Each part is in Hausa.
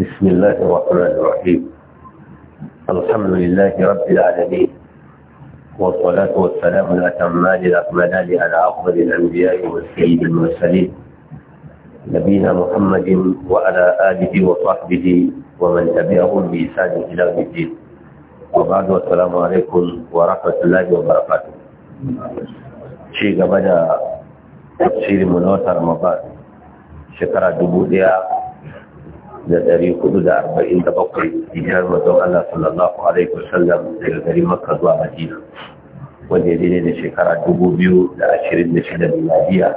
بسم الله الرحمن الرحيم الحمد لله رب العالمين والصلاة والسلام الأتمان الأكملان على أفضل الأنبياء والسيد المرسلين نبينا محمد وعلى آله وصحبه ومن تبعهم بإحسان إلى يوم الدين وبعد والسلام عليكم ورحمة الله وبركاته شيء قبل تفسير منوتر مبارك شكرا دبوديا da ɗari hudu da arba'in da bakwai hijirar mazan Allah sallallahu alaihi wasallam daga garin Makka zuwa Madina wanda ya daidai da shekara dubu biyu da ashirin da shida miladiya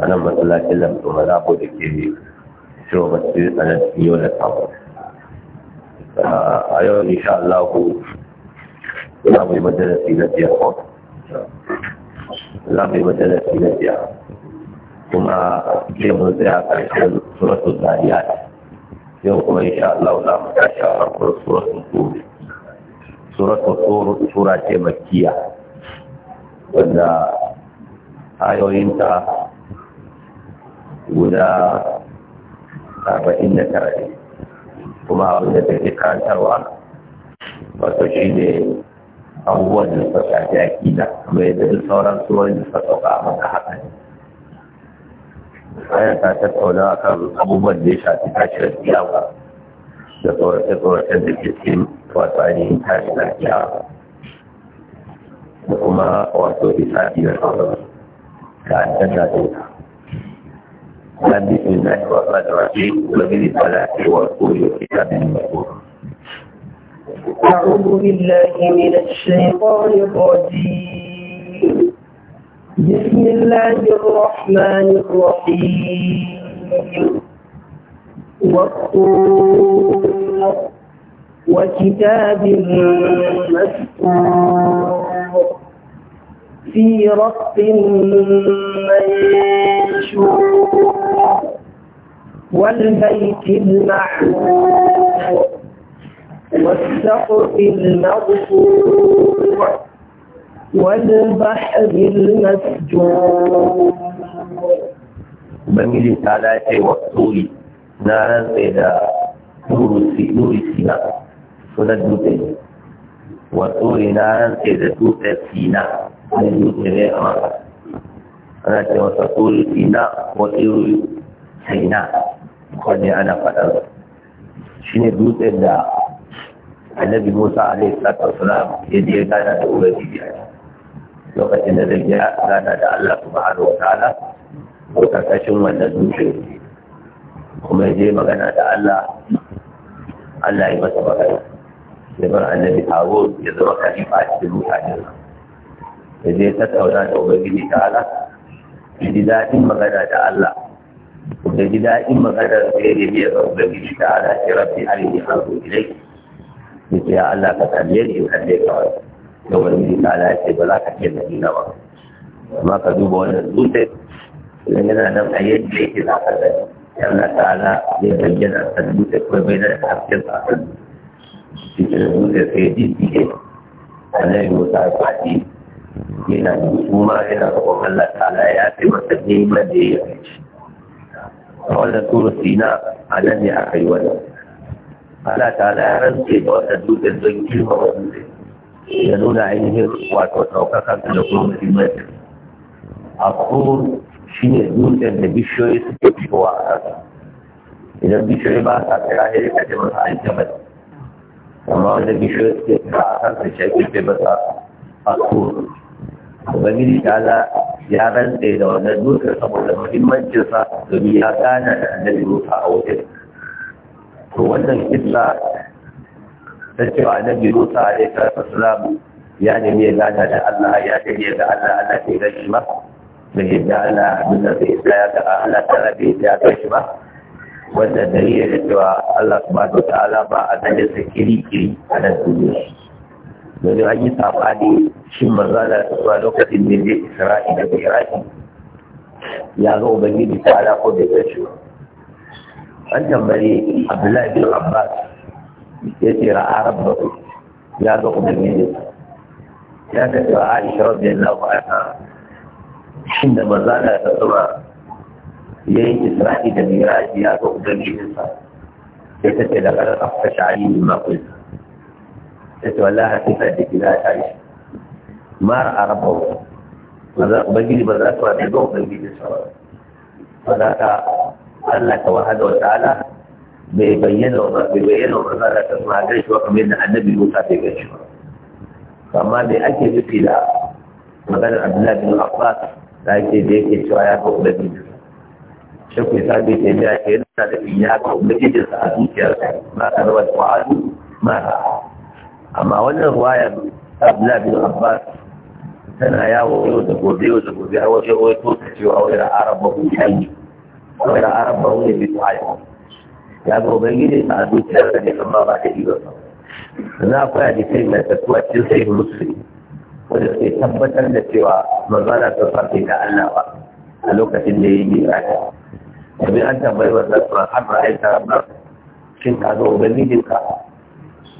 a nan matsalacin lamtun mazabo da ke cewa masu a nan cikin yau da samu a yau insha Allah za mu yi majalasi na biyar ko za mu yi majalasi na biyar kuma zai mun tsaya a ƙarshen suratul zariyat yau kuma insha Allah za mu tashi a farkon suratul tur suratul tur sura ce makkiya wanda ayoyinta guda arba'in da tara ne kuma abin da take karantarwa wato shi ne abubuwan da suka shafi akida kamar yadda duk sauran surorin da suka sauka a maka haka ne aya ta tattauna kan abubuwan da ya shafi tashirar kiyama da tsoratar da ke cikin wato ainihin tashirar kiyama da kuma wato isa biyar ta addana da ita dan bisin da ya wasa da wasu labiri tsala cewa koyo ita da nemo أعوذ بالله من الشيطان الرجيم بسم الله الرحمن الرحيم والطور وكتاب مسطور في رق منشور والبيت المعمور والسقف المرفوع والبحر المسجور بنجي تعالى اي وقتوري نارا سيدا نورسي نورسي سنة دوتي وقتوري نارا سيدا دوتي سينا دوتي ريما أنا تقول تقول سينا وتقول سينا kwanne ana faɗar shi ne dutsen da annabi musa alaihi salatu wasalam ya lokacin da zai ya gana da Allah subhanahu wa ta'ala ko karkashin wannan dutse kuma ya je magana da Allah Allah ya masa magana ya bar annabi taro, ya zama khalifa a cikin mutanen ya je tattauna da ubangiji ta'ala ya ji daɗin magana da Allah da ji daɗin magana da ya nemi ya zama ubangiji ta'ala ya rabbi arini haru ilai ya ce ya Allah ka kalle ni in kalle ka wani da ubangiji ta ala ce ba za ka ce madina ba amma ka duba wannan dutse idan yana nan a yadda yake za ka gani yana ta ala zai bayyana a dutse kuma bai na da hasken a kan dutse dutse sai jijjige annabi musa ya faɗi yana kuma yana roƙon Allah ta'ala ya ce masa neman da ya yi a wannan turu sina a nan ne aka yi wannan Allah ta'ala ya rantse da wannan dutsen don girma wannan ya nuna ainihin wato ɗaukaka da kuma muhimmanci a kuma shi ne dutsen da bishiyoyi suke fitowa a ƙasa idan bishiyoyi ba sa tsira ya rika ce masa an jabal amma wanda bishiyoyi suke tsira a kansa shi ake ce masa a kuma ubangiji ta za ya rantse da wannan dutsen saboda muhimmancinsa domin ya gana da annabi musa a wajen to wannan kisa ta wa annabi Musa alaihi salam ya ne ya gana da Allah ya ce ya ga Allah Allah ke shi ba da ga Allah abin da zai tsaya ga Allah ta rabe ya shi ba wanda dalilin da cewa Allah subhanahu wa ta'ala ba a ganin sa kiri kiri a nan duniya domin an yi saɓani shi maza da zuwa lokacin da zai isra'i da iraki ya ga ubangiji ta ala ko da zai an tambaye abdullahi bin abbas ya ce ra'a rabba ya ga ubangiji ya ga cewa aisha rabbi Allah ba ta shin da maza da ta tsaba ya yi isra'i da miraji ya ga ubangijinsa sai ta ce da ƙarar afka sha'ari ne makon ta ce wallaha sai ta jiki na ta yi ma ra'a rabba ubangiji ba ba za ta wa daga ubangijinsa ba ba za ta Allah ta wahala wa ta'ala bai bayyana ba bai bayyana ba za ka tsama ga kamar yadda annabi Musa bai ga shi ba amma da ake nufi da maganar Abdullahi bin Abbas da ake da yake cewa ya ga ubangiji shakku ta bai ta ya ke yana da ya ga ubangiji sa a zuciyarsa ba ka rawar kwa'adu mara. amma wannan ruwayar Abdullahi bin Abbas tana yawo yau da gobe yau da gobe har wajen wai to cewa wai da arabba hujjaji wai da arabba bi ta ayyuka ya ga ubangiji a zuciyar da ne amma ba ta iya ba za ku da sai na tafiya cikin sai musulmi wanda sai tabbatar da cewa manzana ta fafi da Allah ba a lokacin da ya yi rata domin an tambayi wa zasuwa har ra'ayi aika ba shin ka zo ubangijin ka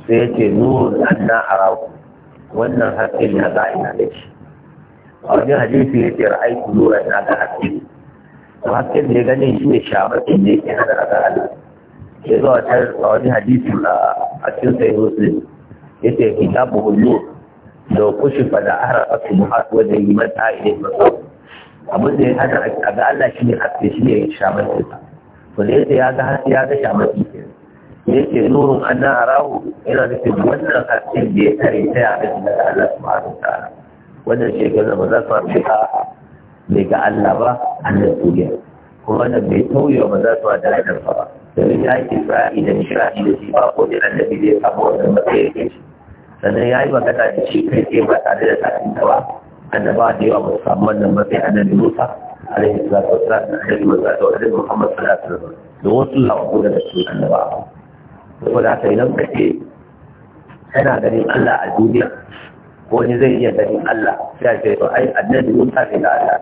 sai ya ce nurun anna na rahu wannan hasken ya za a ina da shi a wajen hadisi ya ce ra'ayi ku nura na da hasken to hasken da ya gani shi ne inda ya yake hada da Allah ya zo a wani hadisi a cikin sai muslim ya ce kitabu hullu da kushi fa da ahra asu muhat wanda yi mata ilai masau abin da ya hada a ga Allah shi ne haske shi ne shamanci to da yadda ya ga haske ya ga shamanci ya ce nurun an na arahu yana nufin wannan haske da ya tare ta ya ga da daga Allah subhanahu wa ta'ala wannan shi ga zama za su fi bai ga Allah ba Allah annan duniya kuma wannan bai tauye wa maza su da hadar ba domin ya yi isra'i da nishira'i da shi ba ko da annabi zai samu wannan matsayin yake shi sannan ya yi magana da shi kai tsaye ba tare da tafin ta ba annaba da yawa ba su samu wannan matsayin annabi musa alaihi salatu wasalam da annabi musa da wani muhammad sallallahu alaihi wasallam da wasu lafu da su annaba saboda haka idan ka ce kana ganin allah a duniya ko ni zai iya ganin allah ya ce to ai annabi musa ne da allah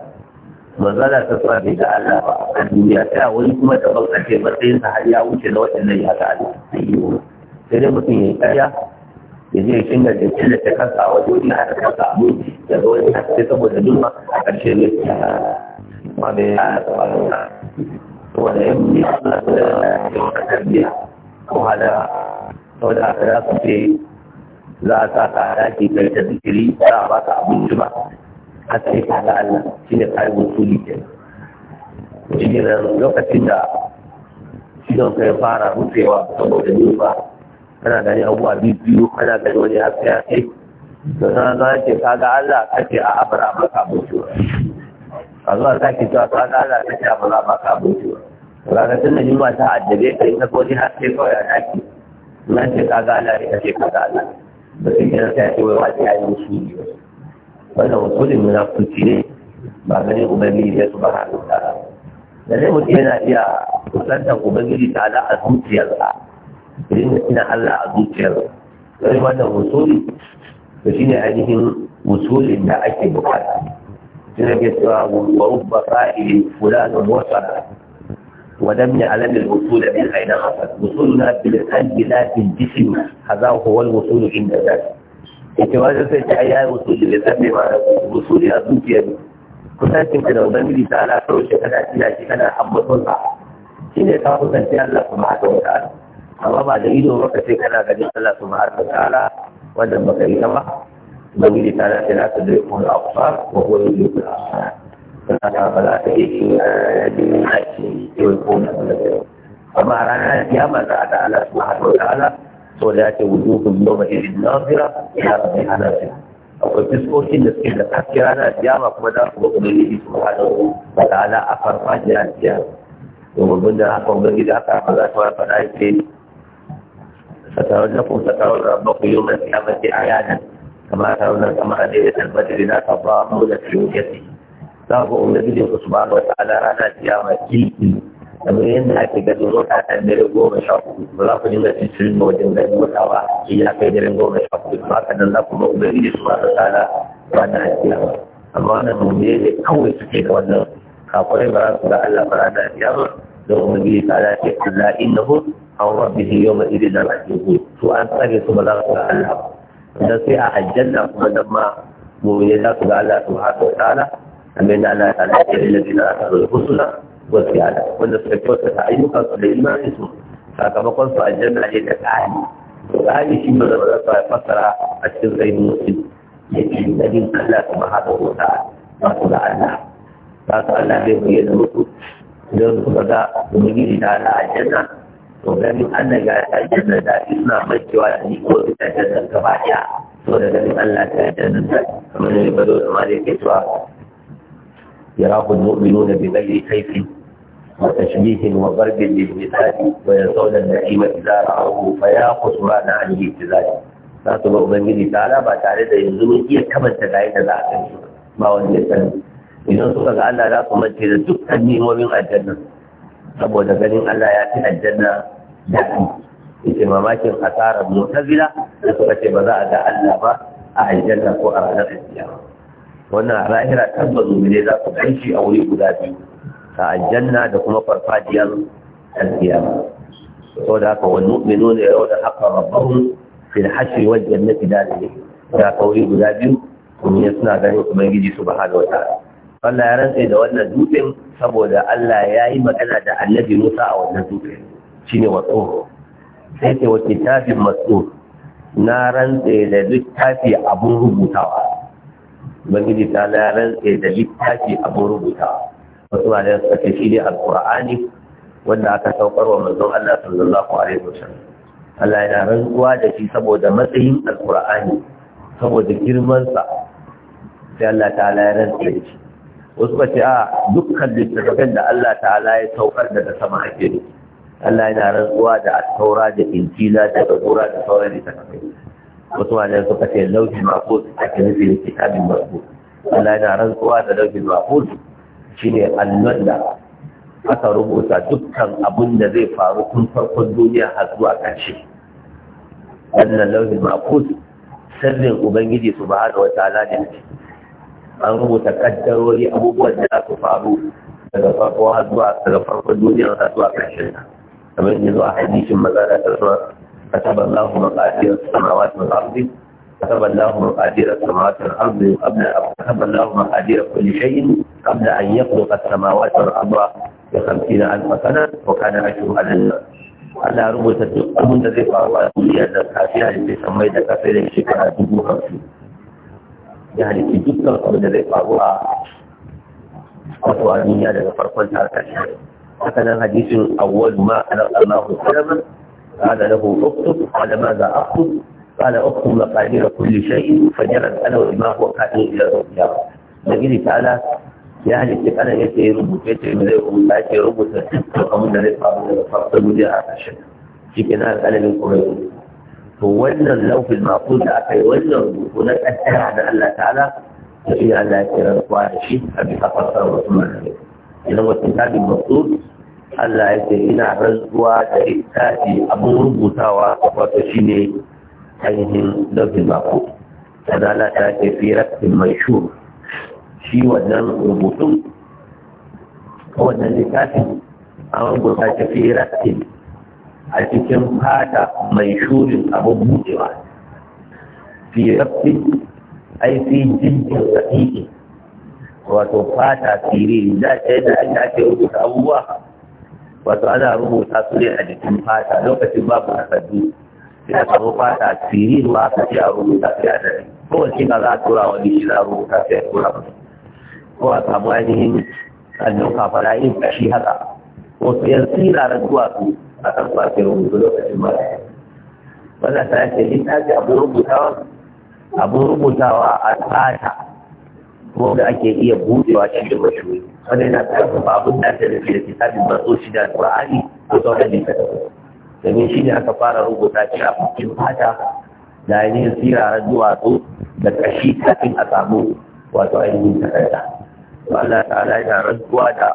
manzala ta sa bai da Allah ba a duniya ta wani kuma da ban ake matsayin sa har ya wuce na waɗannan ya ga Allah sai yi sai dai mutum ya yi kariya ya je shi da jikin da ta kasa a waje wani haka kasa a mun ya zo wani haka sai saboda duma a ƙarshe ne ma da ya taɓa nuna saboda ya mutu ya suna da yawan ko hada saboda haka za su ce za a sa ka a daki kai ta zikiri za a ba ka abinci ba haka yake ga Allah shi ne kayan wasuli ke shi ne da lokacin da idon ka ya fara rufewa saboda ba kana gani abuwa biyu kana gani wani haske ya ce da sana zana ce ka ga Allah kake a abara maka mutuwa a zuwa ta ke zuwa ka ga Allah kake a abara maka mutuwa ranar tun da yunwa ta addabe ka yi na kodi haske kawai a ɗaki na ce ka ga Allah ne kake ka ga Allah ba sai kira ta yi wai wata yayin shi wannan usulin munafurci ne ba gani ubangiji ya subhanahu Da ta'ala lalle mutum yana iya kusantar ubangiji ta ala a zuciyarsa idan ina Allah a zuciyar. sai wannan usuli to shine ainihin usulin da ake bukata sai ke cewa wa rubba fa'ili fulanun wa lam ya'lam al-usul min ayna asal usuluna bil qalbi la bil jism hadha huwa al ita ma sai ta yi ayi usuli da sai ma usuli a zuciya ne kusancin ka da ubangiji ta ala kawai shi kana tiya shi kana ambaton sa shi ne ka kusanci Allah subhanahu wa ta'ala amma ba da ido baka sai kana ganin Allah subhanahu wa ta'ala wanda baka yi ba ubangiji ta ala sai na ta dai kuma afsar wa huwa yudrikul absar kana ba za ta yi da ni a cikin ko na amma ranar kiyama za a ta Allah subhanahu wa ta'ala saboda ake wujuhun yawma irin nazira ila rabbiha nazira akwai fiskokin da suke da haske rana kiyama kuma za su ga ubangiji subhanahu wa ta'ala a farfajiya kiyama to babban da haka ubangiji haka aka za ta fara yake فترجفوا فترون ربكم يوم القيامة عيانا كما ترون كما ليلة البدر لا تضامون في وجهه له النبي سبحانه وتعالى على قيامة kamar yadda ake gado wata kan dare goma sha hudu ba za ku dinga cikin ma wajen gado wata ba shi ya kai dare goma sha hudu ba ka nan za ku ba ubangiji su masu tsada ba na hakiya ba amma wannan mummune ne kawai suke da wannan kakwai ba za su ga Allah ba ranar hakiya ba kuma biyu ta ala ke Allah inna hu an bihi yau ma idin da ku. su an tsare su ba za su ga Allah ah, ba da sai a aljanna kuma dan ma ne za su ga Allah subhanahu wa ta'ala kamar yadda Allah ta ala ce illazina asalu husna wasiyada wanda suka kyautata ayyukan su da imanin su sakamakon su aljanna ne da tsari to tsari shi ba da za su fassara a cikin sai musulmi ya ce da din Allah kuma hada wata ba da Allah ba su Allah zai bayyana musu don su ga ubangiji na da aljanna to ganin Allah ga aljanna da suna macewa da ni ko da aljanna gaba daya to da ganin Allah ta aljanna kamar ne ba da ma da yake cewa يراه المؤمنون بغير كيف وتشبيه وضرب للمثال ويصول النعيم إذا رأوه فيا خسران عن الابتذال za su ga Ubangiji ta'ala ba tare da yanzu mun iya kamanta da yadda za a kan shi ba wanda ya sani idan suka ga Allah za su mace da dukkan nemomin aljanna saboda ganin Allah ya fi aljanna da ita mamakin asarar mutazila da suka ce ba za a ga Allah ba a aljanna ko a ranar aljiya wannan a rahira tabbas ne za su kai a wuri guda biyu a aljanna da kuma farfajiyar alkiyama saboda haka wal mu'minuna da haqqan rabbahum fil hashri wal jannati dalil ya kauri guda biyu kuma suna ganin ubangiji subhanahu wa ta'ala Allah ya rantsa da wannan dutsen saboda Allah ya yi magana da annabi Musa a wannan dutsen shine wato sai ce wa tafi masu na rantsa da littafi abun rubutawa ubangiji ta na rantsa da littafi abun rubutawa wasu ba da suka ce shi dai alƙur'ani wanda aka saukar wa manzon Allah sallallahu alaihi wasallam Allah yana rantsuwa da shi saboda matsayin alƙur'ani saboda girman sa sai Allah ta'ala ya rantsa shi wasu ba ce a dukkan littattafan da Allah ta'ala ya saukar daga sama ake ne Allah yana rantsuwa da taura da injila da zabura da sauran littattafai wasu ma suka ce lauji mafus ake nufi da kitabin mafus Allah yana rantsuwa da lauji mafus shi ne allon da aka rubuta dukkan abin da zai faru tun farkon duniya har zuwa ƙarshe wannan lauhin mafus sirrin ubangiji su ba da wata ne an rubuta ƙaddarori abubuwan da su faru daga farko har zuwa daga farkon duniya har zuwa ƙarshen kamar yadda zuwa hadisin maza da kasuwa كتب الله مقادير samawatin والأرض كتب الله مقادير السماوات samawatin قبل كتب الله مقادير كل شيء قبل أن يخلق السماوات والأرض بخمسين ألف سنة وكان عشره على الناس ana rubuta duk abin da zai faru a duniya da kafiya da ke samai da kafai da shekara dubu hamsin ya dukkan abin da zai faru a wato daga farkon ta ƙarshe haka nan hadisin awwal ma ana Allahu salama qala lahu uktub qala ma za aktub kulli ana wa ma huwa qadir ila da ta'ala ya halitta kana ya ce rubuta ce mai rubuta ce rubuta to abin da zai faru daga farkon duniya a ƙarshen shi ke na alƙalamin kuma to wannan laufin mafus da aka yi wannan rubutu na ƙaddara da Allah ta'ala da shi Allah ya kira kuwa da shi a bisa fasar wasu malamai idan wasu tabin masu Allah ya ce ina rantsuwa da littafi abin rubutawa wato shi shine ainihin laufin mako. mafus. Allah ta ce fi rafin mai shuru shi wannan rubutun wannan littafin an rubuta ta fi rattin a cikin fata mai shurin abin buɗewa fi rattin ai fi jinjin sa'i'i wato fata siriri da ta da ake ake rubuta abubuwa wato ana rubuta su ne a jikin fata lokacin babu takardu sai a samu fata siriri ba aka ce a rubuta sai a dare kowace ka za a tura wani shi za a rubuta sai a tura mutum ko a samu ainihin sannan kafara yin kashi haka wasu yan zuwa duwatsu a kan kwafe rubutu lokacin mara wanda ta yake littafi abin rubutawa abu rubutawa a tsata wanda ake iya buɗewa cikin mashoyi wanda yana karfafa abin da ake da littafin matso shi da ƙur'ani ko sauran tafi domin shi ne aka fara rubuta shi a cikin fata da ainihin tsirarar duwatsu da kashi kafin a samu wato ainihin takarda to Allah ta'ala ya rantsuwa da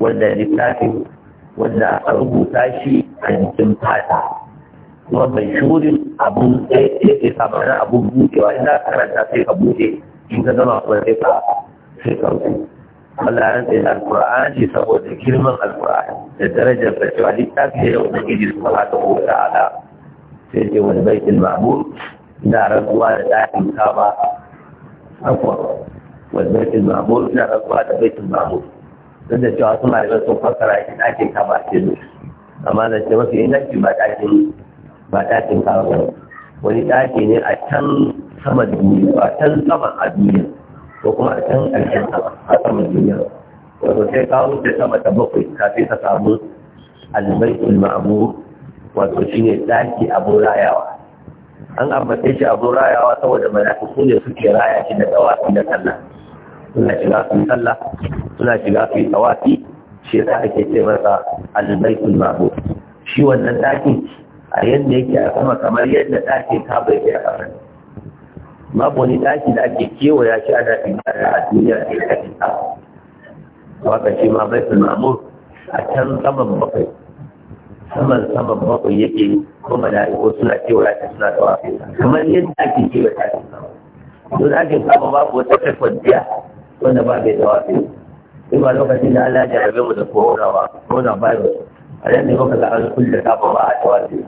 wanda littafin wanda a rubuta shi a jikin fata kuma mai shurin sai sai samanin abu buɗewa in za ka karanta sai ka buke in ka zama kuma sai ka sai ka rubu Allah ya rantsa da saboda girman alƙur'ani da darajar da cewa littafi ne wanda ke ji kuma haka ko ta'ala sai ce wani baitin ma'amur ina rantsuwa da ɗakin kama akwai والبيت المعمور da رسوة البيت المعمور tunda cewa suna da sun fassara shi ɗakin ka ba ce ne amma da ce mafi inganci ba ba ɗakin ka wani ɗaki ne a can sama duniya a can sama a ko kuma a can ƙarshen sama a sama sai sama ta bakwai kafin ka samu wato shine ɗaki an ambace shi abun rayawa saboda mala'iku ne suke raya shi da dawa da sallah suna shiga su sallah suna shiga su tawafi shi yasa ake ce masa albaitul ma'bud shi wannan ɗakin a yadda yake a sama kamar yadda ɗakin ka bai a ƙasa babu wani daki da ake kewaya shi ana da a duniya ke ya ta waka shi ma baitul ma'mur a can saman bakwai saman saman bakwai yake ko mala'iku suna kewaya ta suna tawafi kamar yadda ake kewaya ta sama don ake sama babu wata kakwanciya wanda ba bai fi in ba lokacin da Allah ya rabe mu da korawa ba corona virus a nan ne kuka ga an kulle kafa ba a fi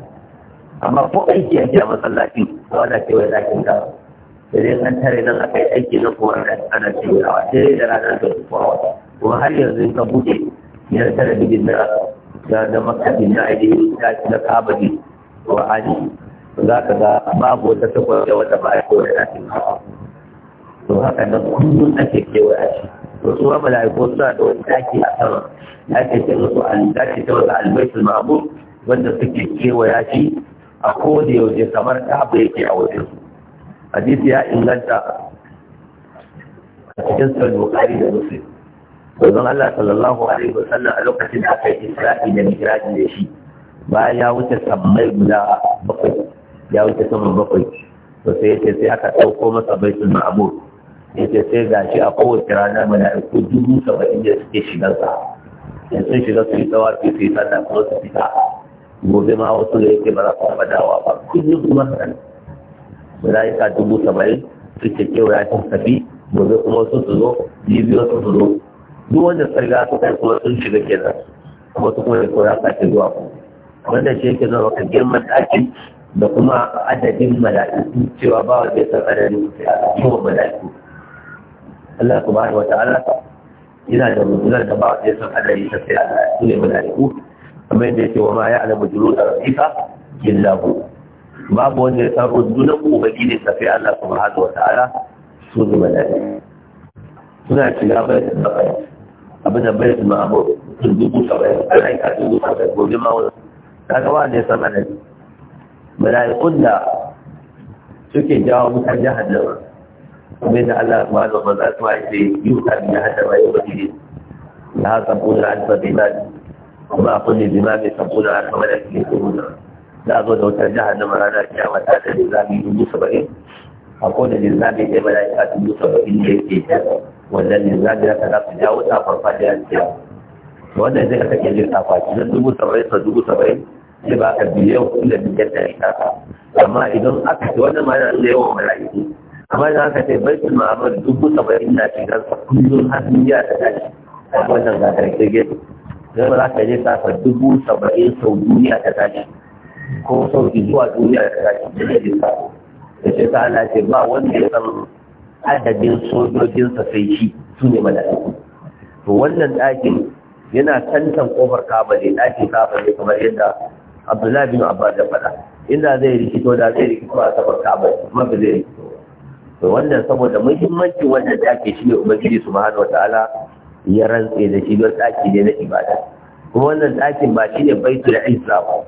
amma ko aiki ake a masallaci ko ana kewaye zakin ka da dai an tare nan a kai aiki na kuma ana cewa sai da rana da kowa. kuma har yanzu in ka buɗe tare talabijin na da da makabin na ainihin tashi na kabari ko aji. za ka ga babu wata takwas da wata ba a kowace tashi to haka nan kullum ake kewaye shi to su ma mala'iku suna da wani taki a sama daki ce musu daki ta wasu albaitul ma'mur wanda suke kewaye shi a koda yaushe kamar kaba yake a wajen su hadisi ya inganta a cikin sahih bukhari da muslim Wanzan Allah sallallahu Alaihi wasallam a lokacin da aka yi isra'i da miraji da shi bayan ya wuce sammai guda bakwai ya wuce sama bakwai to sai ya ce sai aka ɗauko masa baitul ma'amur yake sai ga shi a kowace rana mala'iku dubu saba'in da suke shigar sa da sun shiga su yi tsawa su yi sanda kuma su fita gobe ma wasu da yake ba za su taɓa dawa ba kullum kuma sanan mala'ika dubu saba'in kewa ya fi tafi gobe kuma wasu su zo biyu wasu su zo duk wanda tsarga su kai kuma sun shiga kenan nan, kuma ya ka sake zuwa ku wanda shi yake zama ka girman ɗaki da kuma adadin mala'iku cewa ba wa bai san adadin mala'iku Allah subhanahu wata'ala yana da mutunar da ba ya san adari ta sai Allah su ne mala'iku kamar yadda yake wa ma ya alamu julu da rafiqa illa hu babu wanda ya san rundunar ba ta sai Allah subhanahu wata'ala su ne mala'iku suna shiga bai da bai abin da bai da ma'amur dubu saba'in ana yi kasu dubu saba'in gobe ma wani ta gaba da ya san adari mala'ikun da suke jawo mutane jahannama kuma da Allah ma da ba za su haife yi ta biya hada ba yau ba ne da haka kuna an ba bai kuma a kunne bima mai sabuna a kamar da suke sabuna da zo da wutar jihar na marana kiyama ta da nizami dubu saba'in a kowane nizami ɗaya mana ya ta dubu saba'in da yake ta wannan nizami na kaza su jawo ta farfajiyar kiyama wannan zai ka kake jin tafaci na dubu saba'in sa dubu saba'in sai ba ka biyan kuɗin da biyar da ya kasa amma idan aka ci wannan ma yana da yawan mala'iku amma da aka ce bai kuma abin dubu saba'in na shigar kullum har duniya da tashi a wannan gasar kirgin don ba za ka je kafa dubu saba'in sau duniya ta tashi ko sau zuwa duniya ta tashi da ne jin sako da ce ta ana ce ba wanda ya san adadin sojojinsa sai shi su ne mala'iku to wannan ɗakin yana tantan kofar kaba ne ɗakin kaba ne kamar yadda abdullahi bin abbas ya faɗa inda zai rikito da zai rikito a kafar kaba kuma ba zai rikito to wannan saboda muhimmanci wannan ɗaki shi ne ubangiji subhanahu wataala ya rantse da shi don daki ne na ibada kuma wannan dakin ba shi ne baitul izza ba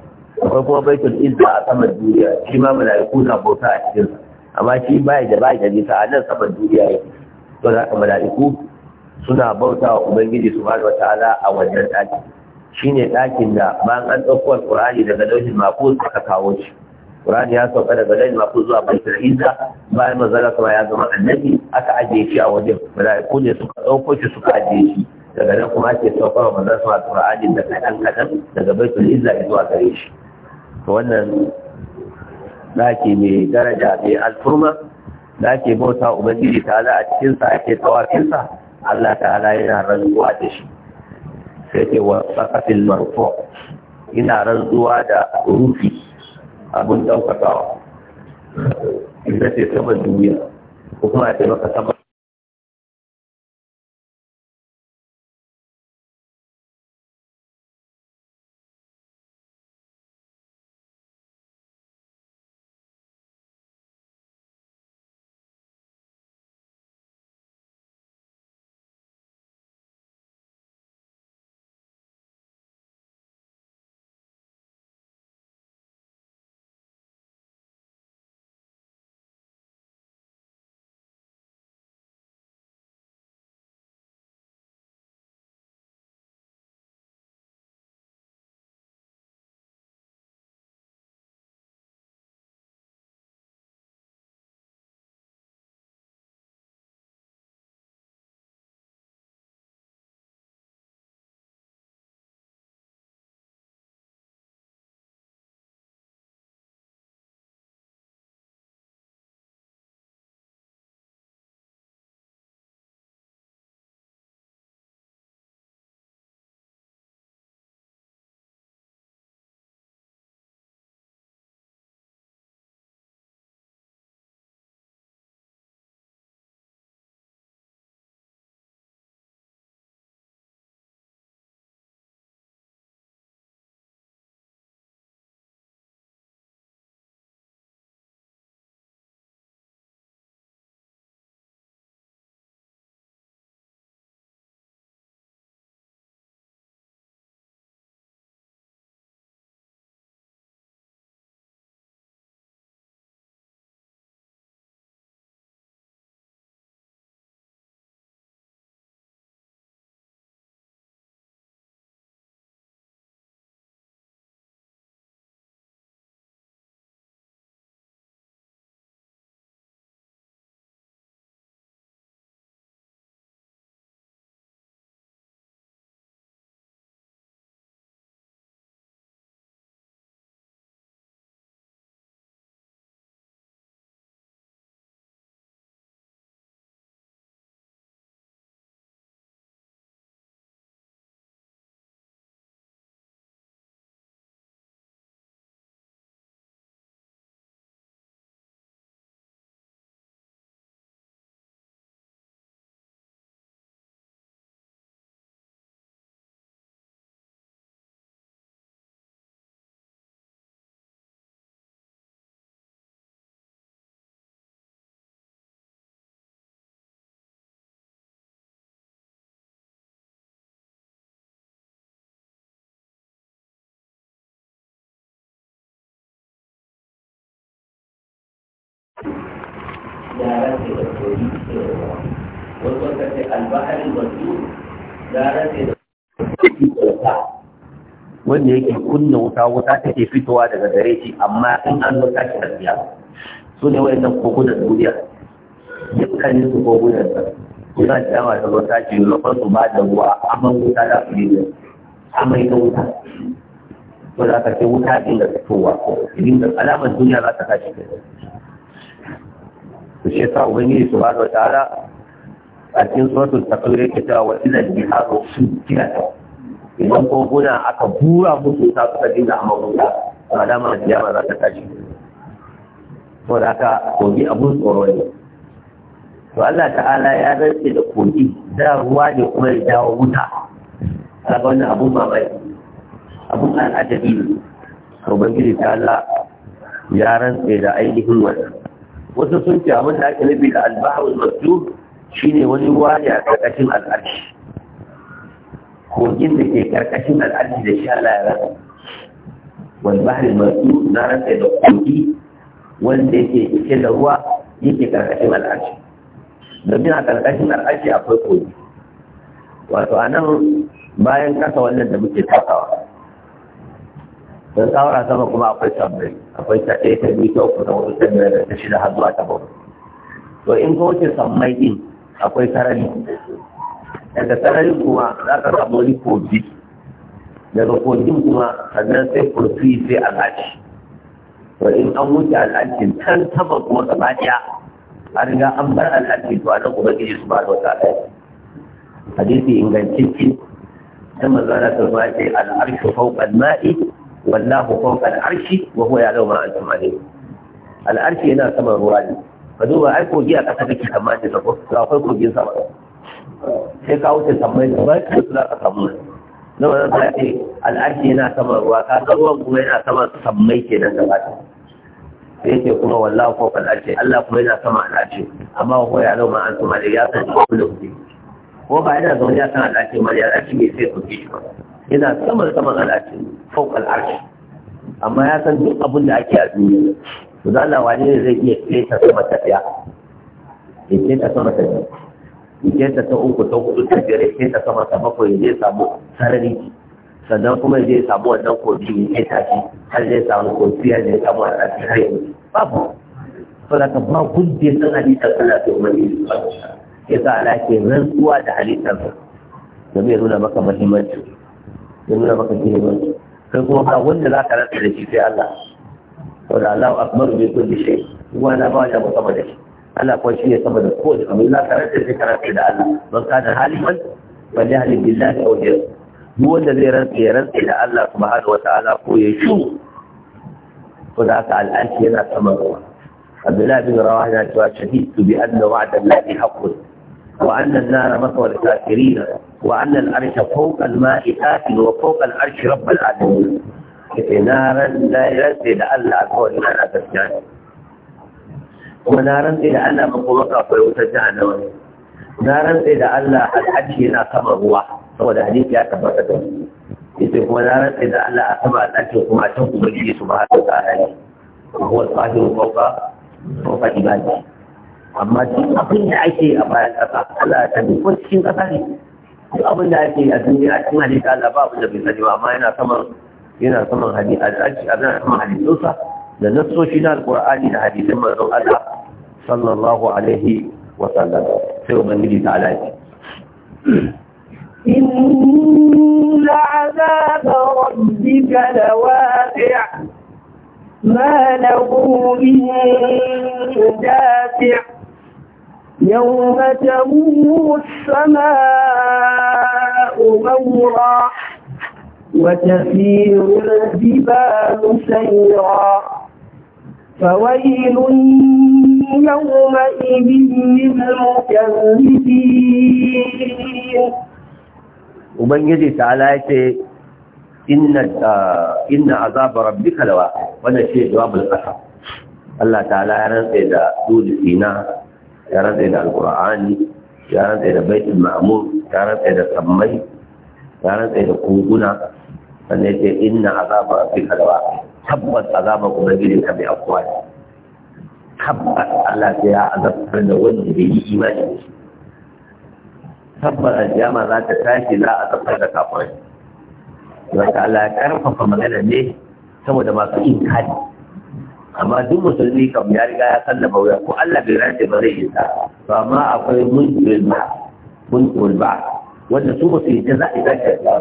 akwai kuma baitul izza a saman duniya shi ma mala'iku na bauta a cikin amma shi ya da baya da nisa a nan saman duniya ke to da mala'iku suna bauta wa ubangiji subhanahu wataala a wannan Shi ne dakin da bayan an ɗauko alƙur'ani daga lauhin mafus aka kawo shi Qur'ani ya sauka daga lail mafuz zuwa baitul izza bayan manzala ya zama annabi aka ajiye shi a wajen mala'iku ne suka ɗauko shi suka ajiye shi daga nan kuma ake saukar wa manzala sama Qur'ani da kadan kadan daga baitul izza zuwa gare shi to wannan daki mai daraja mai alfurma daki bauta ubangiji ala a cikin sa ake tawafin sa Allah ta'ala yana rantsuwa da shi sai ce wa saqafil marfu ina rantsuwa da rufi abin ɗaukakawa ita ce sama duniya ko kuma a ce maka sama rantse da tori da ruwa wasu wata ce albahari wasu ya ce da wanda yake kunna wuta wuta ke fitowa daga gare shi amma in an wuta ki tafiya su ne wayannan kogunan duniya dukkanin su kogunan sa ta jama da wuta ki lokacin su ba da ruwa amma wuta da su ne amai ita wuta ko za ka ce wuta din da fitowa ko idan alamar duniya za ta tashi su shi yasa ubangiji su da tara a cikin suratul taqwir yake cewa wa idza kira ta. idan koguna aka bura musu ta suka dinga amurka ba da ma ba za ta tashi to da ka kogi abun tsoro ne to Allah ta'ala ya rantse da kogi da ruwa ne kuma ya dawo wuta ga wannan abun mamaki abun al'ajabi ne ubangiji ta Allah ya rantse da ainihin wannan wasu sun ce abin da ake nufi da wani masu ne wani wani a karkashin al'arshi kogin da ke karkashin al'arshi da sha lara wani bahari masu na rasa da kogi wanda yake cike da ruwa yake karkashin al'arshi domin a karkashin al'arshi akwai kogi wato a nan bayan kasa wannan da muke takawa don tsawara sama kuma akwai tambayi. akwai ta ɗaya ta biyu ta uku ta hudu ta biyar da ta shida har zuwa ta bakwai to in ka wuce sammai din akwai sarari daga sarari kuma za ka samu wani kogi daga kogin kuma sannan sai kurfi sai alhaji to in an wuce alhajin can sama kuma gaba ɗaya an riga an bar alhaji to a nan kuma gidi su ba da wata ɗaya hadisi ingantacce ta manzana ta zuwa ce al'arshu fauƙan na'i. wallahu fawqa al wa huwa ya'lamu ma antum alayhi al yana saman ruwa ne ka duba ai kogi a ƙasa kake amma ce ta ko akwai kogin sama sai ka wuce sammai da ki su suna ka samu na wannan ta ce al'arshi yana saman ruwa ka ga ruwan kuma yana saman sammai ke nan gaba ta sai ce kuma wallahu fawqa al-arshi Allah kuma yana sama al amma wa huwa ya'lamu ma antum alayhi ya san kullu ko ba yana zaune ya san al-arshi ma ya al-arshi bai sai ku ji ba yana saman saman al'ashin fauq al'arsh amma ya san duk abin da ake a duniya su za Allah wani ne zai iya keta sama ta ya keta sama ta ya keta ta uku ta hudu ta biyar ya keta sama ta bakwai zai samu sarari sannan kuma zai samu wannan kofi ya keta shi har zai samu kofi ya zai samu al'ashin har yanzu babu saboda ba gudde san halittar Allah ta umarni ya sa ala ke rantsuwa da halittar sa da iya nuna maka muhimmanci ya nuna maka girman kai kuma ba wanda za ka rasa da shi sai Allah saboda Allahu akbar bi kulli shay kuma na ba da sama da shi Allah kuwa shi ne sama da kowace abu za ka rasa shi ka rasa da Allah ban kana haliman ban ya halin billahi aw jir duk wanda zai rantsa ya rantsa da Allah subhanahu wa ta'ala ko ya shu ko da aka al'anci yana sama da Abdullahi bin Rawaha yana cewa shahidu bi anna wa'da Allah haqqun وأن النار مثوى الكافرين وأن العرش فوق الماء آكل وفوق العرش رب العالمين نارا لا يرسل لألا أكون أنا تسجان ونارا إلى ألا مقومك فيوتجعن نارا إلى ألا الحج هنا كما هو هو الحديث يا تبرك ونارا إلى ألا أسمع الأجر كما تنقل به سبحانه وتعالى وهو القادر فوق فوق عباده amma duk abin da ake a bayan ƙasa Allah ta bi ko cikin ƙasa ne duk abin da ake a duniya a cikin hadisi Allah ba abin da bai sani amma yana saman yana saman hadisi a zan saman hadisinsa da nassoshi na alƙur'ani da hadisin manzon Allah sallallahu alaihi wa sallam sai ubangiji ta alaji إن عذاب ربك لواقع ما له من دافع يوم تمور السماء مورا وتسير الجبال سيرا فويل يومئذ للمكذبين ومن يجي تعالى إن, آه، إن عذاب ربك لواحد ولا شيء جواب الأخر الله تعالى أنا إذا دود فينا ya rantsa da alkur'ani ya rantsa da baitul ma'mur ya rantsa da sammai ya rantsa da kunguna sannan ya ce inna azaba rabbika lawa tabbas azaba ubangijin ka bai akwai tabbas Allah ya azabtar da wanda bai yi imani tabbas aljama za ta tashi za a azabtar da kafirai wanda Allah ya karfafa magana ne saboda masu inkari amma duk musulmi kam ya riga ya sallama wuya ko Allah bai rance ba zai isa to amma akwai mun ba mun ba wanda su ba su yi ta za a zaka ba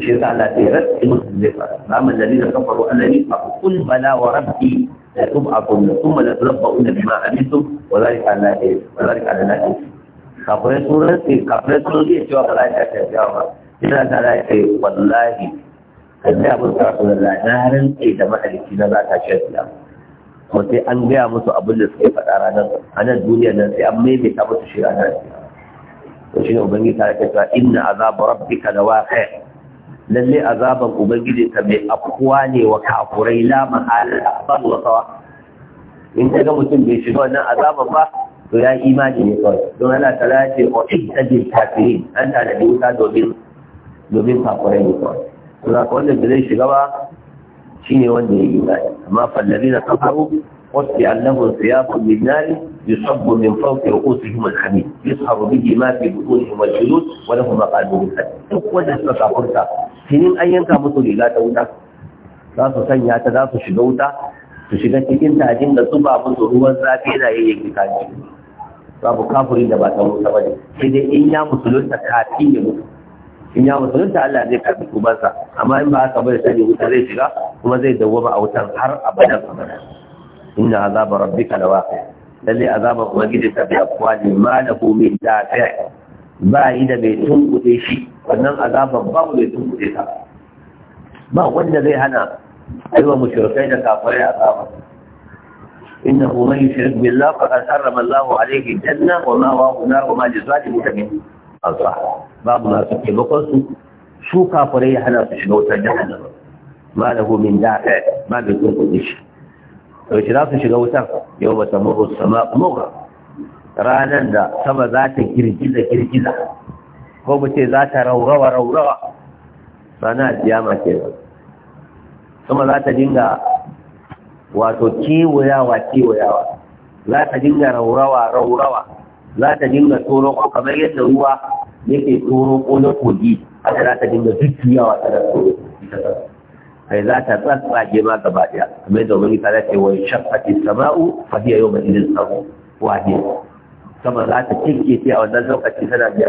shi yasa Allah sai rantsi musulmi ba amma da kafaru annani kun bala wa rabbi da tub'atun thumma la tunabba'una bima amiltum wa dhalika ala wa dhalika Allah nabi kafirai sun rantsi kafirai sun yi cewa ba za a zaka tsaro ba sai Allah ta wallahi sannan abin da rasu da na rantse da mahalicci na za ta shirya siya ko sai an gaya musu abin da suke faɗa ranar a nan duniya nan sai an maimaita musu shi ranar siya to shi ne ubangiji ta rake cewa inna azabu rabbika da waqi lalle azaban ubangiji ka mai afkuwa ne wa kafurai la mahala sallawa in ka ga mutum bai shiga wannan azaban ba to ya imani ne kawai don ana tala ce o idda bil kafirin an tana da wuta domin domin kafurai ne kawai za ka wanda da zai shiga ba shine wanda ya yi imani amma fallabi na kafaru wasu allahun siyafun min nari يصب من فوق رؤوسهم الحميد يصهر به ما في بطونهم والجلود ولهم مقالب من حد duk wanda suka kafurta sinin an yanka musu riga ta wuta za su sanya ta za su shiga wuta su shiga cikin ta da zuba musu ruwan zafi yana yayyake kaji babu kafurin da ba ta musa ba ne sai dai in ya musulunta kafin ya mutu in ya musulunta Allah zai karbi tubansa amma in ba haka bai sani wuta zai shiga kuma zai dawwama a wutan har abadan abada inna azaba rabbika lawaqi lalle azaban ubangiji ta bi ne ma da lahu da dafi ba yi da mai tunkuɗe shi wannan azaban babu mai tunkuɗe ta ba wanda zai hana aiwa mushrikai da kafirai azaba إنه من يشرك بالله فقد حرم الله عليه الجنة وما واه نار وما للظالمين منه azwa babu masu taimakon su su kafirai ya hana su shiga wutar jahannama ma lahu min da'a ba bi kun shi to shi za su shiga wutar yau ba ta muru sama mura ranar da sama za ta girgiza girgiza ko mu ce za ta raurawa raurawa ranar ma ke sama za ta dinga wato kewayawa kewayawa za ta dinga raurawa raurawa za ta dinga toro ko kamar yadda ruwa yake toro ko na kogi haka za ta dinga dukkiyawa ta da toro kai za ta ke ma gaba daya kamar yadda wani ta ce wai shaffati sama'u fa hiya mai idin sabu wahiya sama za ta cike ta a wannan lokaci tana da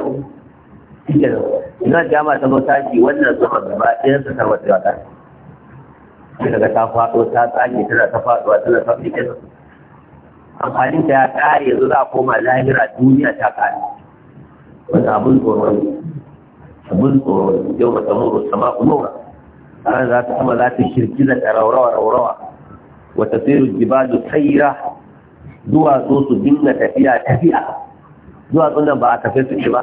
cikin ina jama ta zo tashi wannan sama gaba ɗayan sa tarwatsewa ta sai daga ta faɗo ta tsage tana ta faɗuwa tana ta fiƙe amfanin ta ya kare yanzu za a koma lahira duniya ta kare wanda abun tsoro abin tsoron tsoro ne yau ba samu wa? kuma ranar za ta kama za ta shirki ta ɗaraurawa ɗaraurawa wata tsiru tsayira zuwa duwatsu su dinga tafiya tafiya duwatsu nan ba a tafi su ba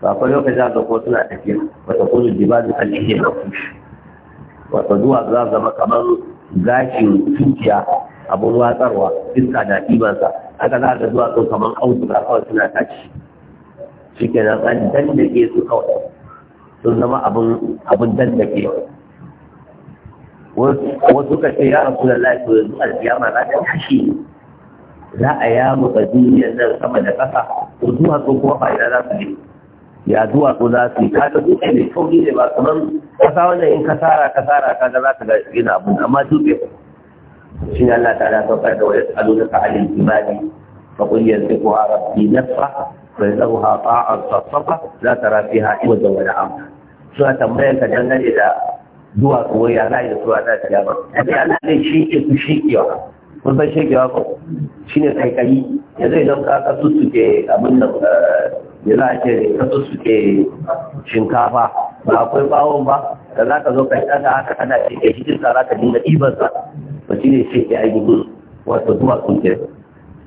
ba kwa lokacin da ko suna tafiya wata kudu jibalu kan ihe na wata duwatsu za zama kamar gashin tukiya Abin watsarwa iska da ibansa aka za ka zuwa sun kamar ga kawai suna tashi shi ke nan an dandake su kawai sun zama abin dandake wasu ka ce ya rasu da lafi yanzu alkiyama za ta tashi za a yamu a duniyar nan sama da ƙasa ko sun kuma ba ina za su je ya ko za su yi ka ta zuwa mai kauri ne ba kamar kasa wannan in kasara kasara ka ga za ka ga yana abin amma dutse shi ne Allah ta'ala saukar da wani tsalo da fa'alin ibadi fa qul yansifuha rabbi nasfa fa yadahuha ta'an sassafa la tara fiha wani wa Su suna tambayar ka dangane da duwatsu wai ya rayu da suwa ta kiyama sai Allah ne shi ke su shi kiyawa kun san shi kiyawa ko shi ne ya yanzu idan ka ka sussuke abin da ya za a ce ka sussuke shinkafa ba akwai bawon ba da za ka zo ka yi ɗaga haka kana ce shi za ka dinga sa. to ne ce ya ainihin wato sun ke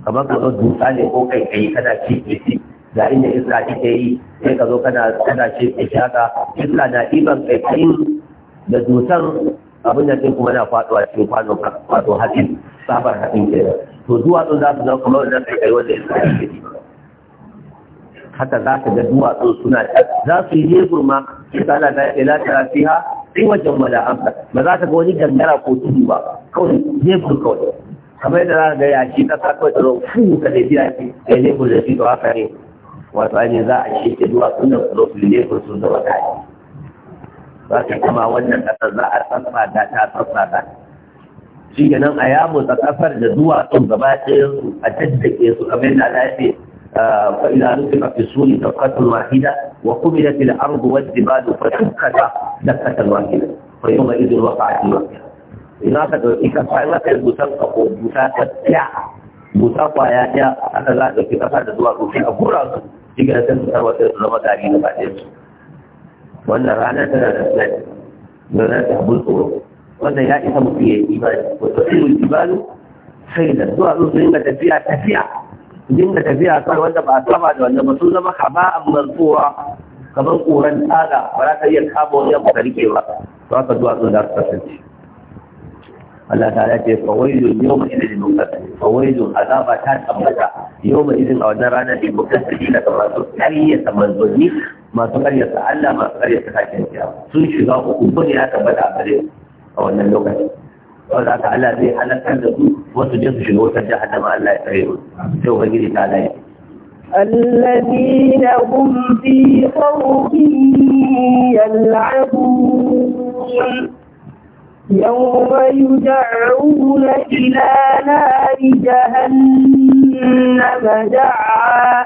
kamar ka zo dutsa ne ko kai kai kada ce ke ce ga inda ta ke yi sai ka zo kada kana ce ke ce haka iska na iban kai kai da dutsen abin da sai kuma na faɗuwa cikin kwanon ka hatin sabar hatin ke to sun za su zama kamar wanda kai kai wanda ta ke ce haka za ka ga duwatsu suna za su yi ne gurma shi kana da ila fiha sai wajen wala amsa ba za ta ga wani gangara ko tudu ba kawai jefur kawai kamar yadda za ga yashi kasa kawai tsaro fu ka da biya ce ga jefur da shi to haka ne wato ainihin za a ce ke zuwa sunan tsaro su sun zama kai za ka kama wannan kasar za a sassa da ta sassa da shi nan a yamu ta kasar da duwatsun gaba ɗayan a jaddake su kamar yadda lafiya. آه، فإذا نقف في سور دقة واحدة وقبلت الأرض والزباد فتكت دقة واحدة فيومئذ وقعت الواقعة إذا كانت ان يكون هناك افضل من اجل ان يكون هناك افضل من اجل ان يكون هناك افضل من اجل ان يكون هناك افضل من اجل ان يكون هناك افضل من اجل ان يكون هناك افضل من اجل ان يكون هناك افضل من اجل ان يكون هناك افضل من اجل ان يكون هناك افضل من اجل ان يكون هناك افضل من اجل ان يكون هناك افضل من اجل ان يكون هناك افضل من اجل ان يكون هناك افضل من اجل ان يكون هناك افضل من اجل ان يكون هناك افضل من اجل ان يكون هناك افضل من اجل ان يكون هناك افضل من اجل ان يكون هناك افضل من اجل ان يكون هناك افضل من اجل ان يكون هناك افضل dinga tafiya kan wanda ba saba da wannan ba sun zama a mansuwa kamar koran tsada ba za ka iya kama wani abu ka rike ba to zuwa duwatsu za su kasance Allah ta ya ce fawailun yau mai izin mukasari fawailun azaba ta tabbata yau mai izin a wannan ranar da mukasari daga masu ta manzanni masu ta Allah masu karyata hakin sun shiga uku ne ya tabbata a gare a wannan lokacin ولا تعالى به على كذب وتجدش الوسجة حتى ما لا يتعيرون سوف يجري تعالى الذين هم في صوت يلعبون يوم يدعون إلى نار جهنم دعا